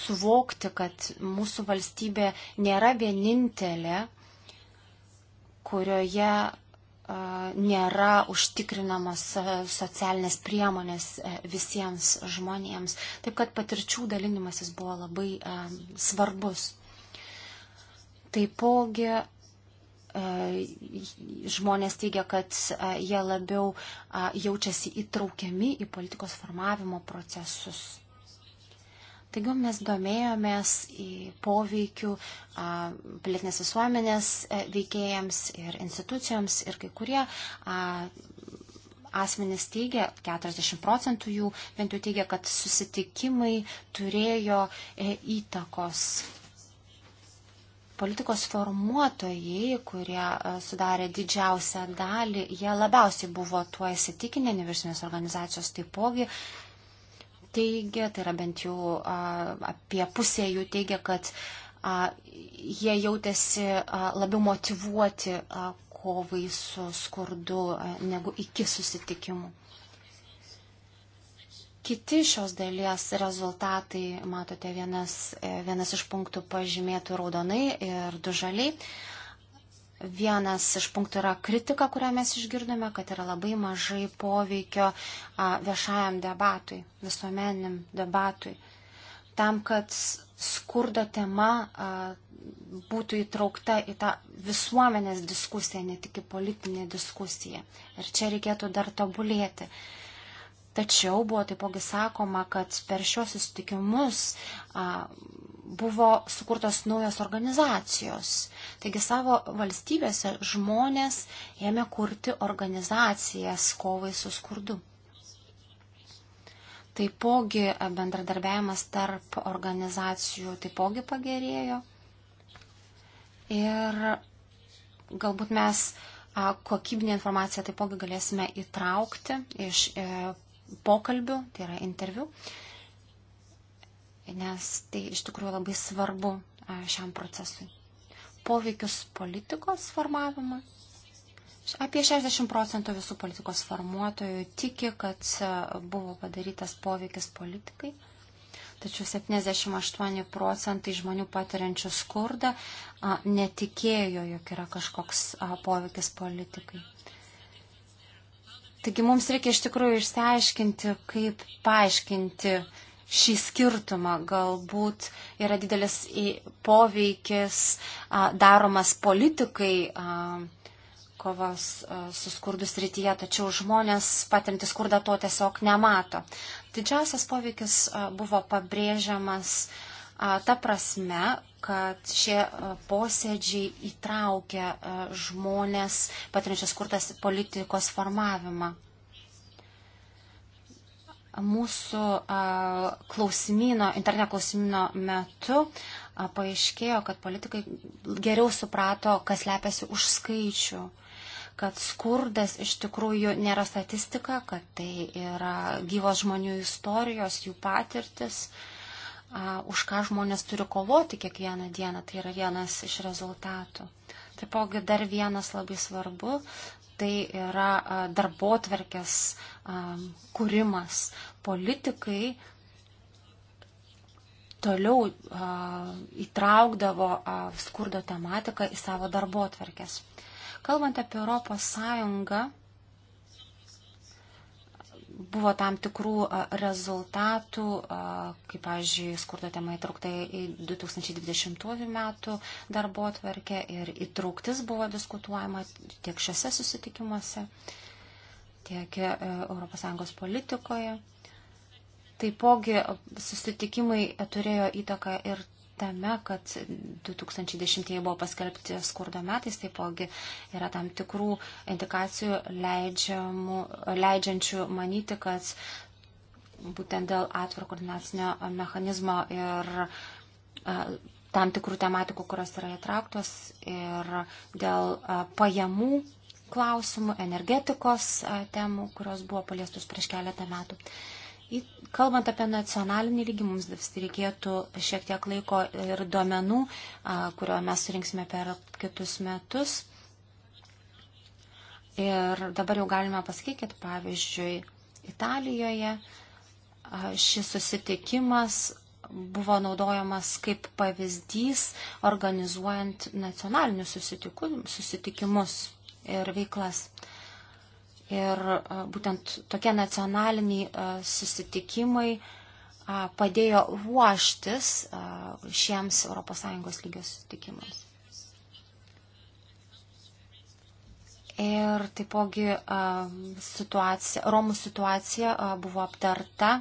suvokti, kad mūsų valstybė nėra vienintelė kurioje nėra užtikrinamos socialinės priemonės e, visiems žmonėms. Taip kad patirčių dalinimasis buvo labai svarbus. Taipogi žmonės teigia, kad jie labiau jaučiasi įtraukiami į politikos formavimo procesus. Taigi mes domėjomės į poveikių pilietinės visuomenės e, veikėjams ir institucijoms ir kai kurie a, asmenys teigia, 40 procentų jų bent jau teigia, kad susitikimai turėjo e, įtakos. Politikos formuotojai, kurie e, sudarė didžiausią dalį, jie labiausiai buvo tuo įsitikinę, nevirsinės organizacijos taipogi, teigia, tai yra bent jau apie pusę jų teigia, kad jie jautėsi labiau motivuoti kovai su skurdu negu iki susitikimų. Kiti šios dalies rezultatai, matote, vienas, e, vienas iš punktų pažymėtų raudonai ir du žaliai. Vienas iš punktų yra kritika, kurią mes išgirdome, kad yra labai mažai poveikio viešajam debatui, visuomeniniam debatui. Tam, kad skurdo tema būtų įtraukta į tą visuomenės diskusiją, ne tik į politinę diskusiją. Ir čia reikėtų dar tobulėti. Uh, Tačiau buvo taipogi sakoma, kad per šios susitikimus a, buvo sukurtos naujos organizacijos. Taigi savo valstybėse žmonės ėmė kurti organizacijas kovai su skurdu. Taipogi bendradarbiavimas tarp organizacijų taipogi pagerėjo. Ir galbūt mes kokybinę informaciją taipogi galėsime įtraukti iš e, pokalbių, tai yra interviu, nes tai iš tikrųjų labai svarbu šiam procesui. Poveikius politikos formavimui. Apie 60 procentų visų politikos formuotojų tiki, kad buvo padarytas poveikis politikai, tačiau 78 procentai žmonių patiriančių skurdą netikėjo, jog yra kažkoks poveikis politikai. Taigi mums reikia iš tikrųjų išsiaiškinti, kaip paaiškinti šį skirtumą. Galbūt yra didelis poveikis daromas politikai kovos su skurdus rytyje, tačiau žmonės patirinti skurdą to tiesiog nemato. Didžiausias poveikis buvo pabrėžiamas ta prasme, kad šie e, posėdžiai įtraukia e, žmonės patiriančias kurtas politikos formavimą. Mūsų e, klausimino, interneto klausimino metu paaiškėjo, kad politikai geriau suprato, kas lepiasi už skaičių kad skurdas iš tikrųjų nėra statistika, kad tai yra gyvos žmonių istorijos, jų patirtis. Uh, už ką žmonės turi kovoti kiekvieną dieną. Tai yra vienas iš rezultatų. Taipogi dar vienas labai svarbu, tai yra darbo tvarkės kūrimas. Politikai toliau įtraukdavo skurdo tematiką į savo darbo tvarkės. Kalbant apie Europos Sąjungą, buvo tam tikrų rezultatų, kaip, pavyzdžiui, skurdo tema įtraukta į 2020 metų darbo atverkę ir įtrauktis buvo diskutuojama tiek šiuose susitikimuose, tiek ES politikoje. Taipogi susitikimai turėjo įtaką ir tame, kad 2010 buvo paskelbti skurdo metais, taipogi yra tam tikrų indikacijų leidžiančių manyti, kad būtent dėl atviro koordinacinio mechanizmo ir tam tikrų tematikų, kurios yra įtrauktos ir dėl pajamų klausimų, energetikos temų, kurios buvo paliestos prieš keletą metų. Kalbant apie nacionalinį lygį, mums vis reikėtų šiek tiek laiko ir duomenų, kurio mes surinksime per kitus metus. Ir dabar jau galime pasakyti, kad pavyzdžiui, Italijoje šis susitikimas buvo naudojamas kaip pavyzdys organizuojant nacionalinius susitikimus ir veiklas. Ir būtent tokie nacionaliniai susitikimai padėjo ruoštis šiems ES lygio susitikimams. Ir taipogi situacija, Romų situacija buvo aptarta,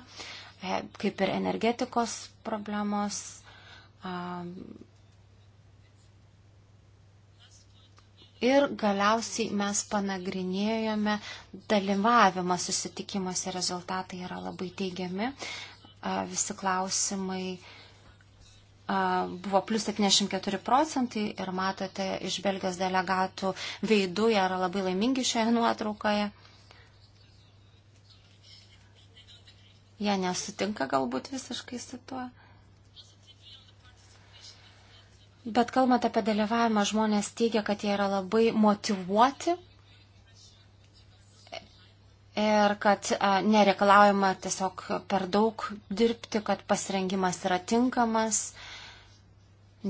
e, kaip ir energetikos problemos, Ir galiausiai mes panagrinėjome dalyvavimą susitikimuose, rezultatai yra labai teigiami, visi klausimai buvo plus 74 procentai ir matote iš Belgijos delegatų veidų, jie yra labai laimingi šioje nuotraukoje. Jie nesutinka galbūt visiškai su tuo. Bet kalbant apie dalyvavimą, žmonės teigia, kad jie yra labai motivuoti ir kad nereikalaujama tiesiog per daug dirbti, kad pasirengimas yra tinkamas,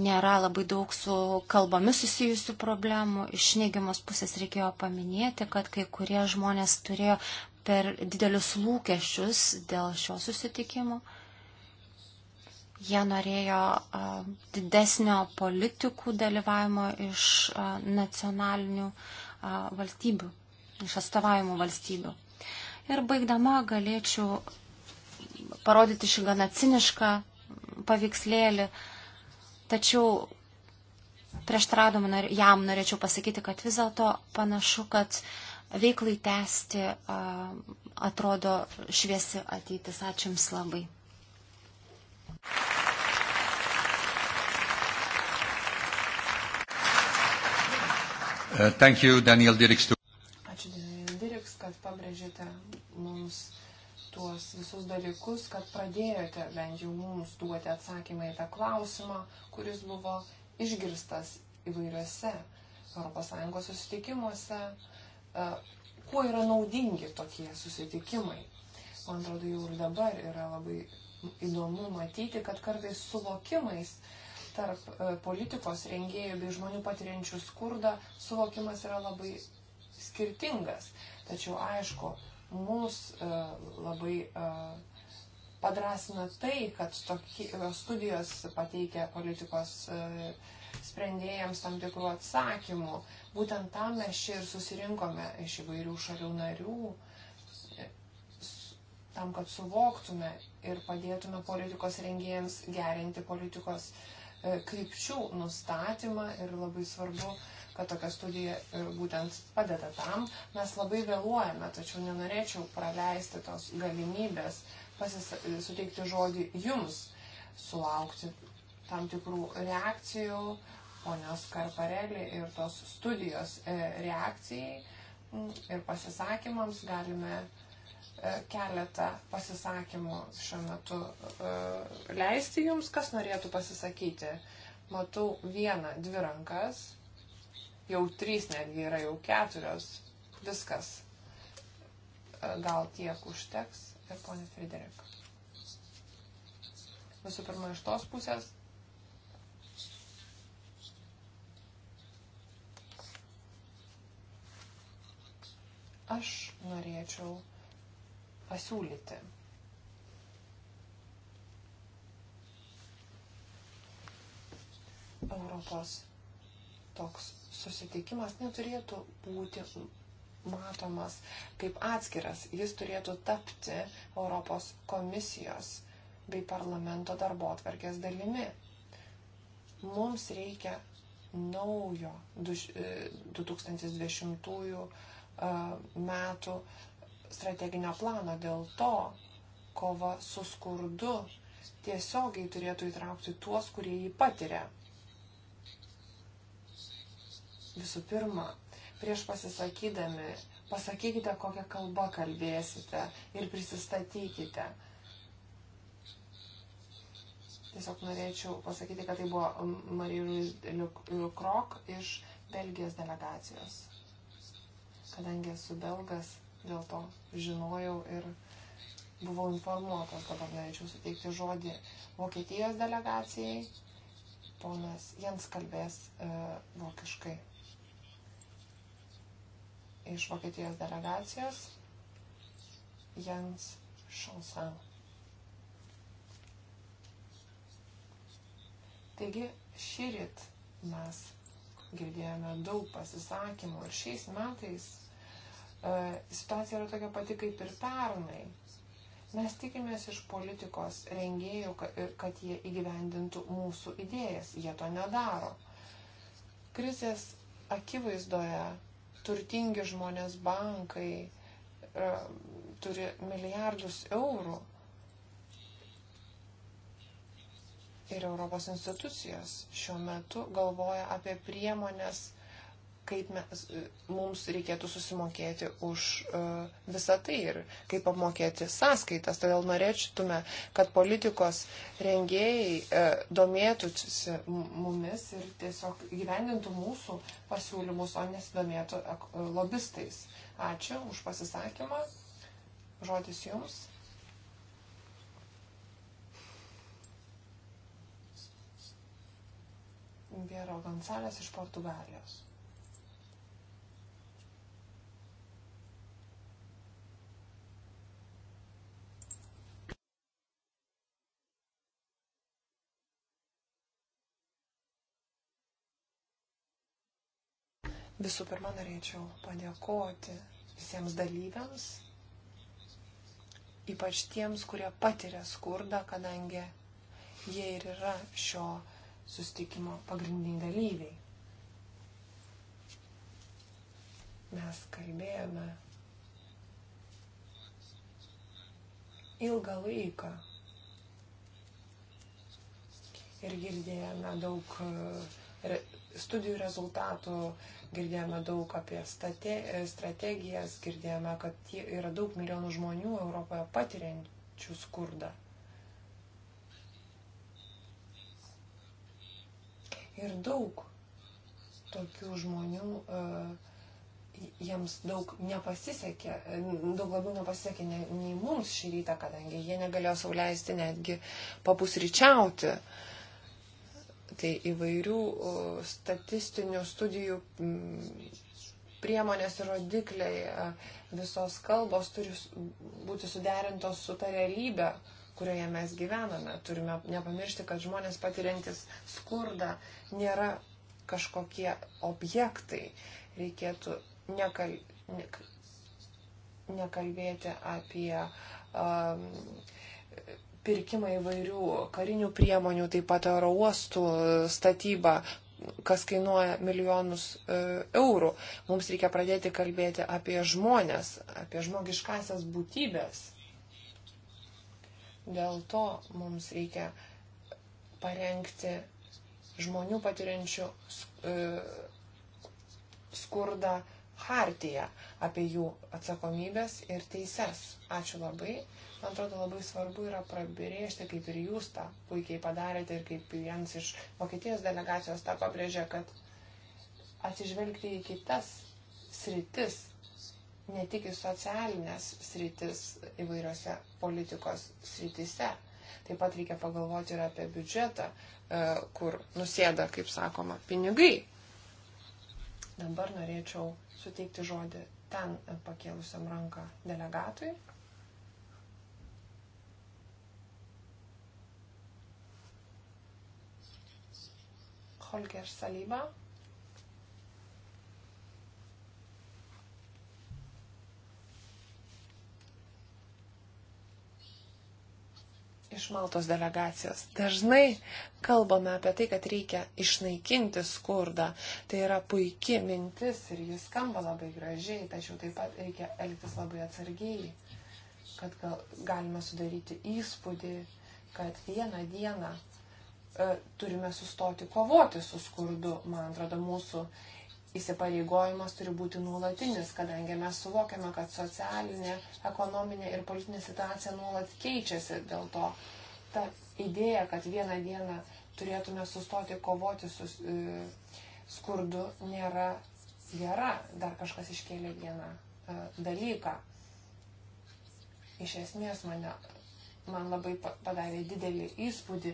nėra labai daug su kalbomis susijusių problemų. Iš neigiamos pusės reikėjo paminėti, kad kai kurie žmonės turėjo per didelius lūkesčius dėl šio susitikimo. Jie norėjo didesnio politikų dalyvavimo iš nacionalinių valstybių, iš atstovavimų valstybių. Ir baigdama galėčiau parodyti šį gana cinišką paveikslėlį, tačiau prieštraudama jam norėčiau pasakyti, kad vis dėlto panašu, kad veiklai tęsti atrodo šviesi ateitis. Ačiū Jums labai. Uh, thank you, Daniel Diriks. Ačiū, Daniel Diriks, kad pabrėžėte mums tuos visus dalykus, kad pradėjote bent jau mums duoti atsakymą į tą klausimą, kuris buvo išgirstas įvairiuose ES susitikimuose. Uh, kuo yra naudingi tokie susitikimai? Man atrodo, jau ir dabar yra labai įdomu matyti, kad kartais suvokimais tarp e, politikos rengėjų bei žmonių patiriančių skurdą suvokimas yra labai skirtingas. Tačiau aišku, mus e, labai e, padrasina tai, kad tokios studijos pateikia politikos sprendėjams tam tikrų atsakymų. Būtent tam mes čia ir susirinkome iš įvairių šalių narių, tam, kad suvoktume ir padėtume politikos rengėjams gerinti politikos e, krypčių nustatymą ir labai svarbu, kad tokia studija e, būtent padeda tam. Mes labai vėluojame, tačiau nenorėčiau praleisti tos galimybės e, suteikti žodį jums, sulaukti tam tikrų reakcijų, ponios Karparelį ir tos studijos reakcijai ir pasisakymams galime E, keletą pasisakymų šiuo metu e, leisti jums, kas norėtų pasisakyti. Matau vieną, dvi rankas, jau trys netgi yra, jau keturios, viskas. E, gal tiek užteks ir ponė Friderik. Visų pirma, iš tos pusės. Aš norėčiau pasiūlyti. Europos toks susitikimas neturėtų būti matomas kaip atskiras. Jis turėtų tapti Europos komisijos bei parlamento darbo atverkės dalimi. Mums reikia naujo 2020 e, e, metų strateginio plano. Dėl to kova su skurdu tiesiogiai turėtų įtraukti tuos, kurie jį patiria. Visų pirma, prieš pasisakydami, pasakykite, kokią kalbą kalbėsite ir prisistatykite. Tiesiog norėčiau pasakyti, kad tai buvo Marija Liukrok iš Belgijos delegacijos. Kadangi esu belgas, dėl to žinojau ir buvau informuotas. Dabar norėčiau suteikti žodį Vokietijos delegacijai. Ponas Jens kalbės e, vokiškai iš Vokietijos delegacijos. Jens Šonsan. Taigi šį rytą mes girdėjome daug pasisakymų ir šiais metais E, situacija yra tokia pati kaip ir pernai. Mes tikimės iš politikos rengėjų, kad jie įgyvendintų mūsų idėjas. Jie to nedaro. Krizės akivaizdoje turtingi žmonės bankai e, turi milijardus eurų ir Europos institucijos šiuo metu galvoja apie priemonės kaip mes, mums reikėtų susimokėti už uh, visą tai ir kaip apmokėti sąskaitas. Todėl norėtume, kad politikos rengėjai uh, domėtųsi mumis ir tiesiog gyvendintų mūsų pasiūlymus, o nesidomėtų uh, lobistais. Ačiū už pasisakymą. Žodis jums. Viero Gonzalės iš Portugalijos. Visų pirma, norėčiau padėkoti visiems dalyviams, ypač tiems, kurie patiria skurdą, kadangi jie ir yra šio sustikimo pagrindiniai dalyviai. Mes kalbėjome ilgą laiką ir girdėjome daug e, studijų rezultatų, girdėjome daug apie state, strategijas, girdėjome, kad yra daug milijonų žmonių Europoje patiriančių skurdą. Ir daug tokių žmonių, e, jiems daug nepasisekė, daug labiau nepasisekė nei mums šį rytą, kadangi jie negalėjo sauliaisti netgi papusryčiauti. Uh, tai įvairių statistinių studijų priemonės ir rodikliai, visos kalbos turi būti suderintos su ta realybė, kurioje mes gyvename. Turime nepamiršti, kad žmonės patiriantis skurdą nėra kažkokie objektai. Reikėtų nekal, nek, nekalbėti apie um, pirkimą įvairių karinių priemonių, taip pat oro uostų e, statybą, kas kainuoja milijonus e, eurų. Mums reikia pradėti kalbėti apie žmonės, apie žmogiškasias būtybės. Dėl to mums reikia parengti žmonių patiriančių e, skurdą hartiją apie jų atsakomybės ir teises. Ačiū labai. Man atrodo, labai svarbu yra prabrėžti, kaip ir jūs tą puikiai padarėte ir kaip vienas iš Vokietijos delegacijos tą pabrėžė, kad atsižvelgti į kitas sritis, ne tik į socialinės sritis įvairiose politikos sritise. Taip pat reikia pagalvoti ir apie biudžetą, e, kur nusėda, kaip sakoma, pinigai. Dabar norėčiau suteikti žodį ten pakėlusiam ranką delegatui. Holger Saliba. Iš Maltos delegacijos. Dažnai kalbame apie tai, kad reikia išnaikinti skurdą. Tai yra puikia mintis ir jis skamba labai gražiai, tačiau taip pat reikia elgtis labai atsargiai, kad gal, galime sudaryti įspūdį, kad vieną dieną E, turime sustoti kovoti su skurdu. Man atrodo, mūsų įsipareigojimas turi būti nuolatinis, kadangi mes suvokiame, kad socialinė, ekonominė ir politinė situacija nuolat keičiasi. Dėl to ta idėja, kad vieną dieną turėtume sustoti kovoti su e, skurdu, nėra gera. Dar kažkas iškėlė vieną e, dalyką. Iš esmės mane, man labai padarė didelį įspūdį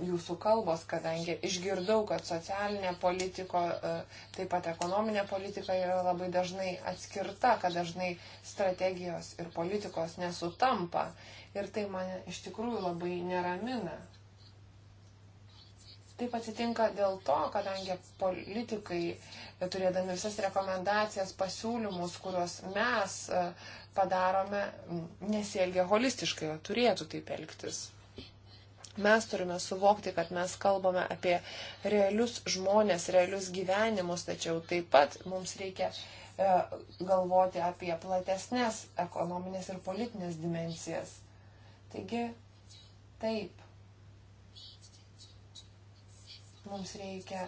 jūsų kalbos, kadangi išgirdau, kad socialinė politika, e, taip pat ekonominė politika yra labai dažnai atskirta, kad dažnai strategijos ir politikos nesutampa. Ir tai mane iš tikrųjų labai neramina. Taip atsitinka dėl to, kadangi politikai, e, turėdami visas rekomendacijas, pasiūlymus, kuriuos mes e, padarome, nesielgia holistiškai, o turėtų taip elgtis. Mes turime suvokti, kad mes kalbame apie realius žmonės, realius gyvenimus, tačiau taip pat mums reikia e, galvoti apie platesnės ekonominės ir politinės dimensijas. Taigi, taip, mums reikia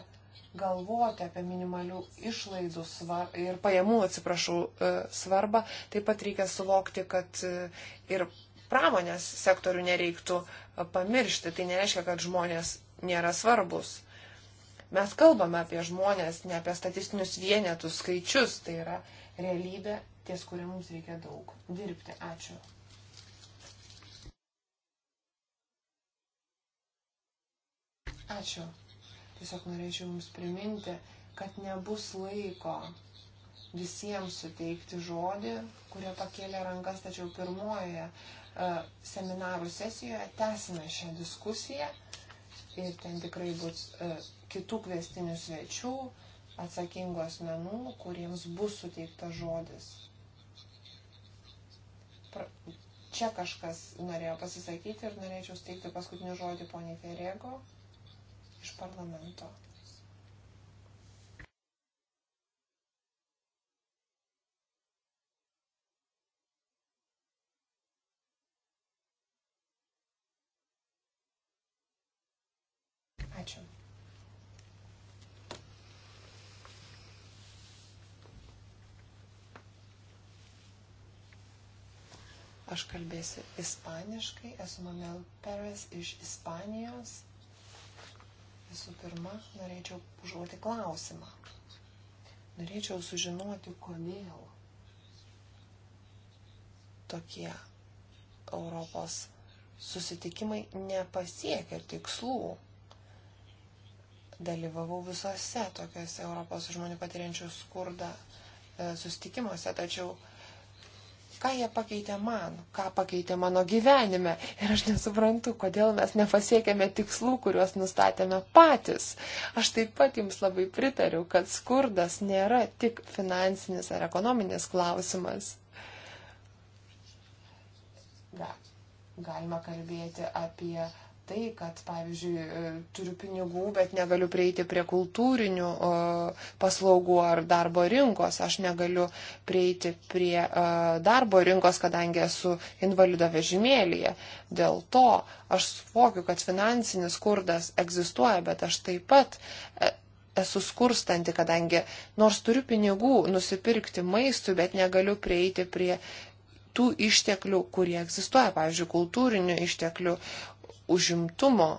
galvoti apie minimalių išlaidų svar, ir pajamų, atsiprašau, e, svarbą. Taip pat reikia suvokti, kad e, ir pramonės sektorių nereiktų pamiršti. Tai nereiškia, kad žmonės nėra svarbus. Mes kalbame apie žmonės, ne apie statistinius vienetus, skaičius. Tai yra realybė, ties kuria mums reikia daug dirbti. Ačiū. Ačiū. Tiesiog norėčiau Jums priminti, kad nebus laiko visiems suteikti žodį, kurie pakėlė rankas, tačiau pirmojoje E, seminarų sesijoje tęsime šią diskusiją ir ten tikrai bus e, kitų kvestinių svečių, atsakingų asmenų, kuriems bus suteiktas žodis. Čia kažkas norėjo pasisakyti ir norėčiau steigti paskutinį žodį poniai Ferego iš parlamento. Ačiū. Aš kalbėsiu ispaniškai, esu Manuel Perez iš Ispanijos. Visų pirma, norėčiau užduoti klausimą. Norėčiau sužinoti, kodėl tokie Europos susitikimai nepasiekia tikslų dalyvavau visose tokiuose Europos žmonių patiriančių skurdą e, sustikimuose, tačiau ką jie pakeitė man, ką pakeitė mano gyvenime ir aš nesuprantu, kodėl mes nepasiekėme tikslų, kuriuos nustatėme patys. Aš taip pat jums labai pritariu, kad skurdas nėra tik finansinis ar ekonominis klausimas. Da, galima kalbėti apie tai, kad, pavyzdžiui, e, turiu pinigų, bet negaliu prieiti prie kultūrinių e, paslaugų ar darbo rinkos. Aš negaliu prieiti prie e, darbo rinkos, kadangi esu invalido vežimėlėje. Dėl to aš suvokiu, kad finansinis skurdas egzistuoja, bet aš taip pat esu skurstanti, kadangi nors turiu pinigų nusipirkti maistui, bet negaliu prieiti prie tų išteklių, kurie egzistuoja, pavyzdžiui, kultūrinių išteklių, užimtumo.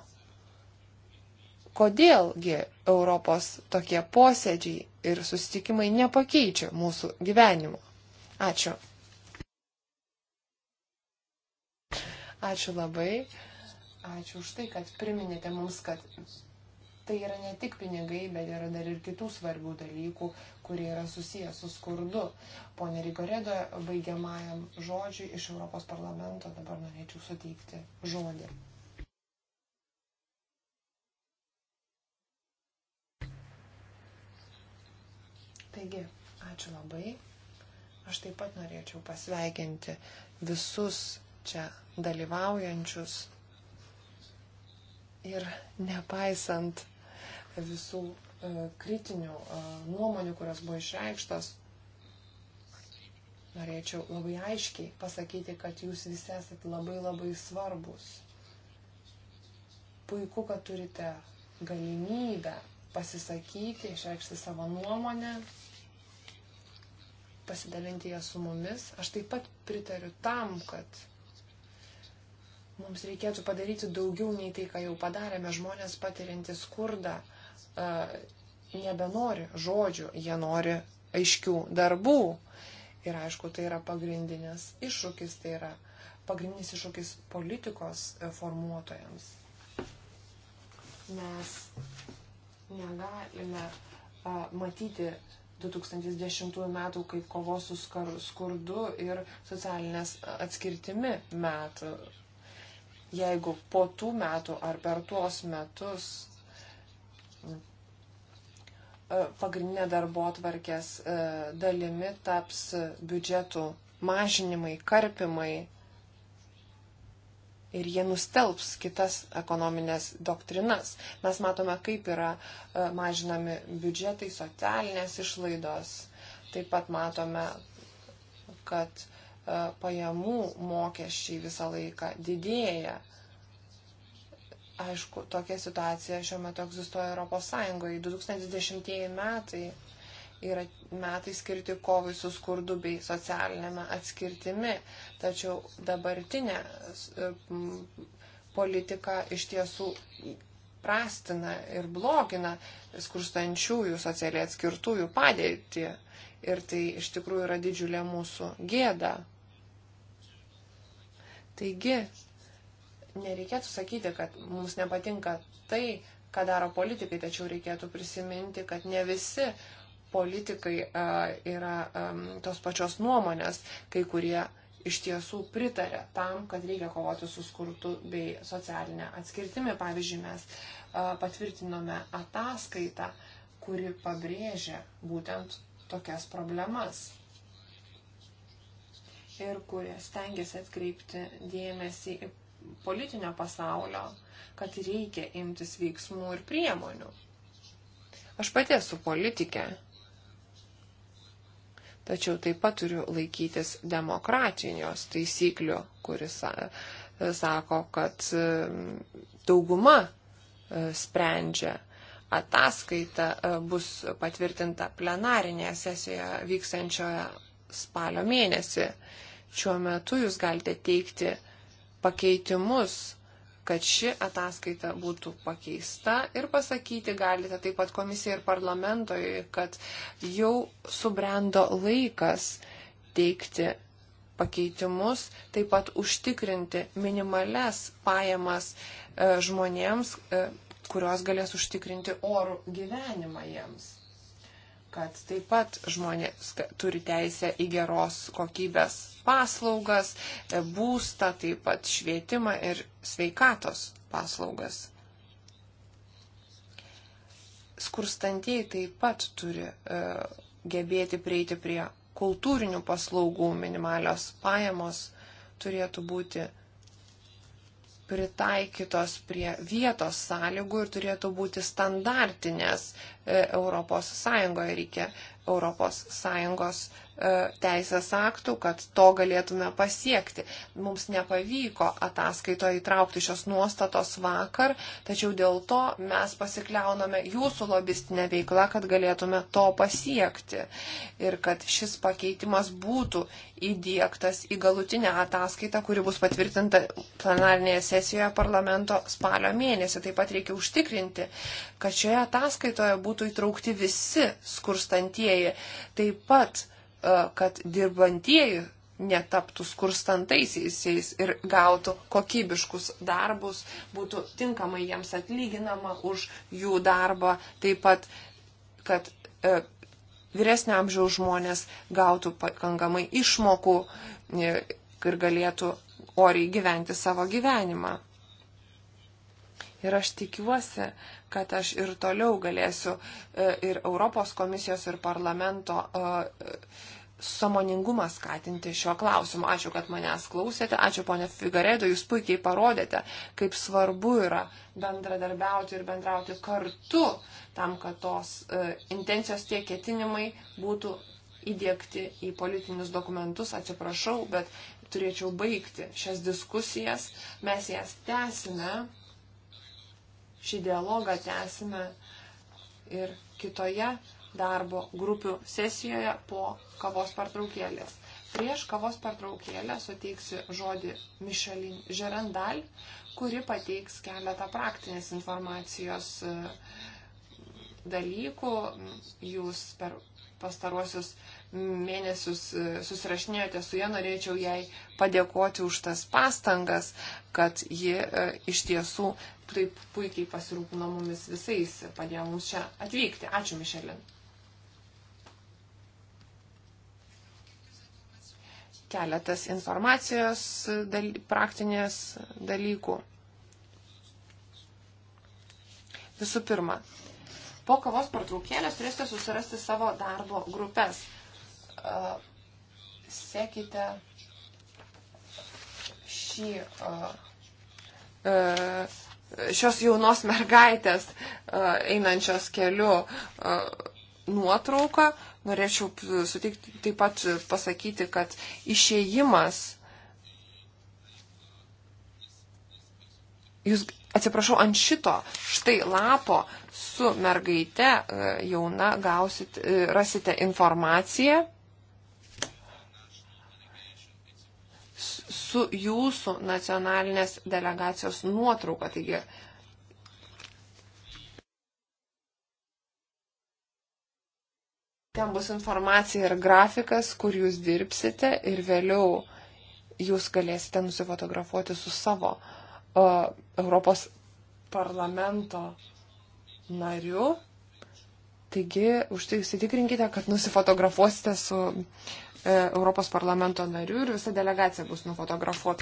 Kodėlgi Europos tokie posėdžiai ir susitikimai nepakeičia mūsų gyvenimo? Ačiū. Ačiū labai. Ačiū už tai, kad priminėte mums, kad tai yra ne tik pinigai, bet yra dar ir kitų svarbių dalykų, kurie yra susiję su skurdu. Pone Rigoredo, baigiamajam žodžiui iš Europos parlamento dabar norėčiau suteikti žodį. Taigi, ačiū labai. Aš taip pat norėčiau pasveikinti visus čia dalyvaujančius. Ir nepaisant visų e, kritinių e, nuomonių, kurios buvo išreikštos, norėčiau labai aiškiai pasakyti, kad jūs visi esate labai labai svarbus. Puiku, kad turite galimybę pasisakyti, išreikšti savo nuomonę, pasidalinti ją su mumis. Aš taip pat pritariu tam, kad mums reikėtų padaryti daugiau nei tai, ką jau padarėme. Žmonės patiriantys skurdą nebenori žodžių, jie nori aiškių darbų. Ir aišku, tai yra pagrindinis iššūkis, tai yra pagrindinis iššūkis politikos e, formuotojams. Mes negalime matyti 2010 metų kaip kovos su skar, skurdu ir socialinės atskirtimi metų. Jeigu po tų metų ar per tuos metus pagrindinė darbo atvarkės dalimi taps biudžetų mažinimai, karpimai, ir jie nustelbs kitas ekonominės doktrinas. Mes matome, kaip yra e, mažinami biudžetai, socialinės išlaidos. Taip pat matome, kad e, pajamų mokesčiai visą laiką didėja. Aišku, tokia situacija šiuo metu egzistuoja Europos Sąjungoje. 2010 metai yra metai skirti kovai su skurdu bei socialinėme atskirtimi. Tačiau dabartinė e, politika iš tiesų prastina ir blogina skurstančiųjų socialiai atskirtųjų padėtį. Ir tai iš tikrųjų yra didžiulė mūsų gėda. Taigi, nereikėtų sakyti, kad mums nepatinka tai, ką daro politikai, tačiau reikėtų prisiminti, kad ne visi uh, politikai yra tos pačios nuomonės, kai kurie iš tiesų pritarė tam, kad reikia kovoti su skurtu bei socialinė atskirtimi. Pavyzdžiui, mes patvirtinome ataskaitą, kuri pabrėžia būtent tokias problemas ir kurie stengiasi atkreipti dėmesį į politinio pasaulio, kad reikia imtis veiksmų ir priemonių. Aš pati esu politikė tačiau taip pat turiu laikytis demokratinios taisyklių, kuris e, sako, kad e, dauguma e, sprendžia. Ataskaita bus patvirtinta plenarinėje sesijoje vykstančioje spalio mėnesį. Šiuo metu jūs galite teikti pakeitimus kad ši ataskaita būtų pakeista ir pasakyti galite taip pat komisijai ir parlamentojui, kad jau subrendo laikas teikti pakeitimus, taip pat užtikrinti minimales pajamas e, žmonėms, e, kurios galės užtikrinti orų gyvenimą jiems kad taip pat žmonės turi teisę į geros kokybės paslaugas, e, būstą, taip pat švietimą ir sveikatos paslaugas. Skurstantieji taip pat turi e, gebėti prieiti prie kultūrinių paslaugų, minimalios pajamos turėtų būti pritaikytos prie vietos sąlygų ir turėtų būti standartinės ES. Reikia ES E, teisės aktų, kad to galėtume pasiekti. Mums nepavyko ataskaitoje įtraukti šios nuostatos vakar, tačiau dėl to mes pasikliauname jūsų lobistinę veiklą, kad galėtume to pasiekti ir kad šis pakeitimas būtų įdėktas į galutinę ataskaitą, kuri bus patvirtinta plenarinėje sesijoje parlamento spalio mėnesį. Taip pat reikia užtikrinti, kad šioje ataskaitoje būtų įtraukti visi skurstantieji. Taip pat E, kad dirbantieji netaptų skurstantaisiais ir gautų kokybiškus darbus, būtų tinkamai jiems atlyginama už jų darbą, taip pat, kad e, vyresnio amžiaus žmonės gautų pakankamai išmokų e, ir galėtų oriai gyventi savo gyvenimą. Ir aš tikiuosi, kad aš ir toliau galėsiu e, ir Europos komisijos, ir parlamento e, samoningumą skatinti šiuo klausimu. Ačiū, kad manęs klausėte. Ačiū, ponė Figaredo, jūs puikiai parodėte, kaip svarbu yra bendradarbiauti ir bendrauti kartu tam, kad tos e, intencijos tie ketinimai būtų įdėkti į politinius dokumentus. Atsiprašau, bet turėčiau baigti šias diskusijas. Mes jas tęsime, šį dialogą tęsime ir kitoje darbo grupių sesijoje po kavos pertraukėlės. Prieš kavos pertraukėlę suteiksiu žodį Mišelin Žerandal, kuri pateiks keletą praktinės informacijos e, dalykų. Jūs per pastaruosius mėnesius e, susirašinėjote su ja, norėčiau jai padėkoti už tas pastangas, kad ji e, iš tiesų taip puikiai pasirūpino mumis visais, padėjo mums čia atvykti. Ačiū, Mišelin. keletas informacijos dal, praktinės dalykų. Visų pirma, po kavos pertraukėlės turėsite susirasti savo darbo grupės. Sekite šį, šios jaunos mergaitės einančios keliu nuotrauką, norėčiau sutikti, taip pat pasakyti, kad išėjimas, jūs, atsiprašau, ant šito štai lapo su mergaite e, jauna gausit, e, rasite informaciją su jūsų nacionalinės delegacijos nuotrauka. Taigi, Ten bus informacija ir grafikas, kur jūs dirbsite ir vėliau jūs galėsite nusifotografuoti su savo uh, Europos parlamento nariu. Taigi, tai užsitikrinkite, kad nusifotografuosite su uh, Europos parlamento nariu ir visa delegacija bus nufotografuota.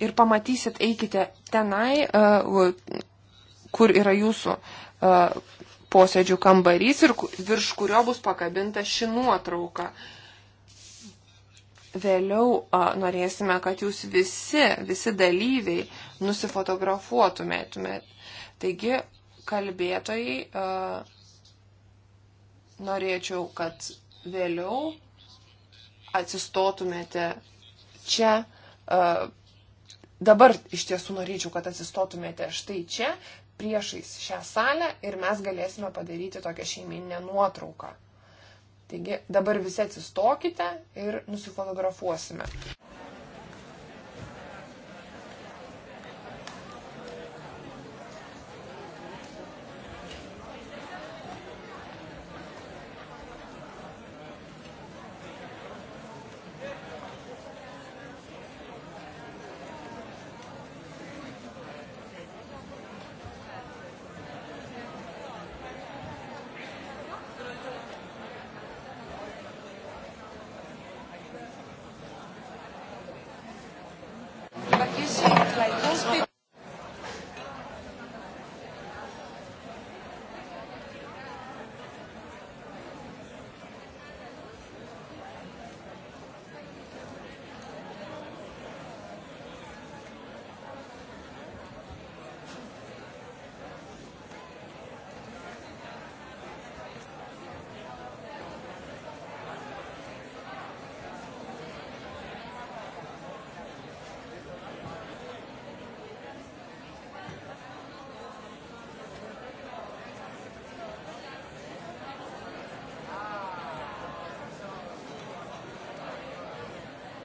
ir pamatysit, eikite tenai, e, kur yra jūsų e, posėdžių kambarys ir virš kurio bus pakabinta ši nuotrauka. Vėliau a, norėsime, kad jūs visi, visi dalyviai nusifotografuotumėtumėt. Taigi, kalbėtojai, a, norėčiau, kad vėliau atsistotumėte čia. A, dabar iš tiesų norėčiau, kad atsistotumėte štai čia, priešais šią salę ir mes galėsime padaryti tokią šeimininę nuotrauką. Taigi dabar visi atsistokite ir nusifotografuosime.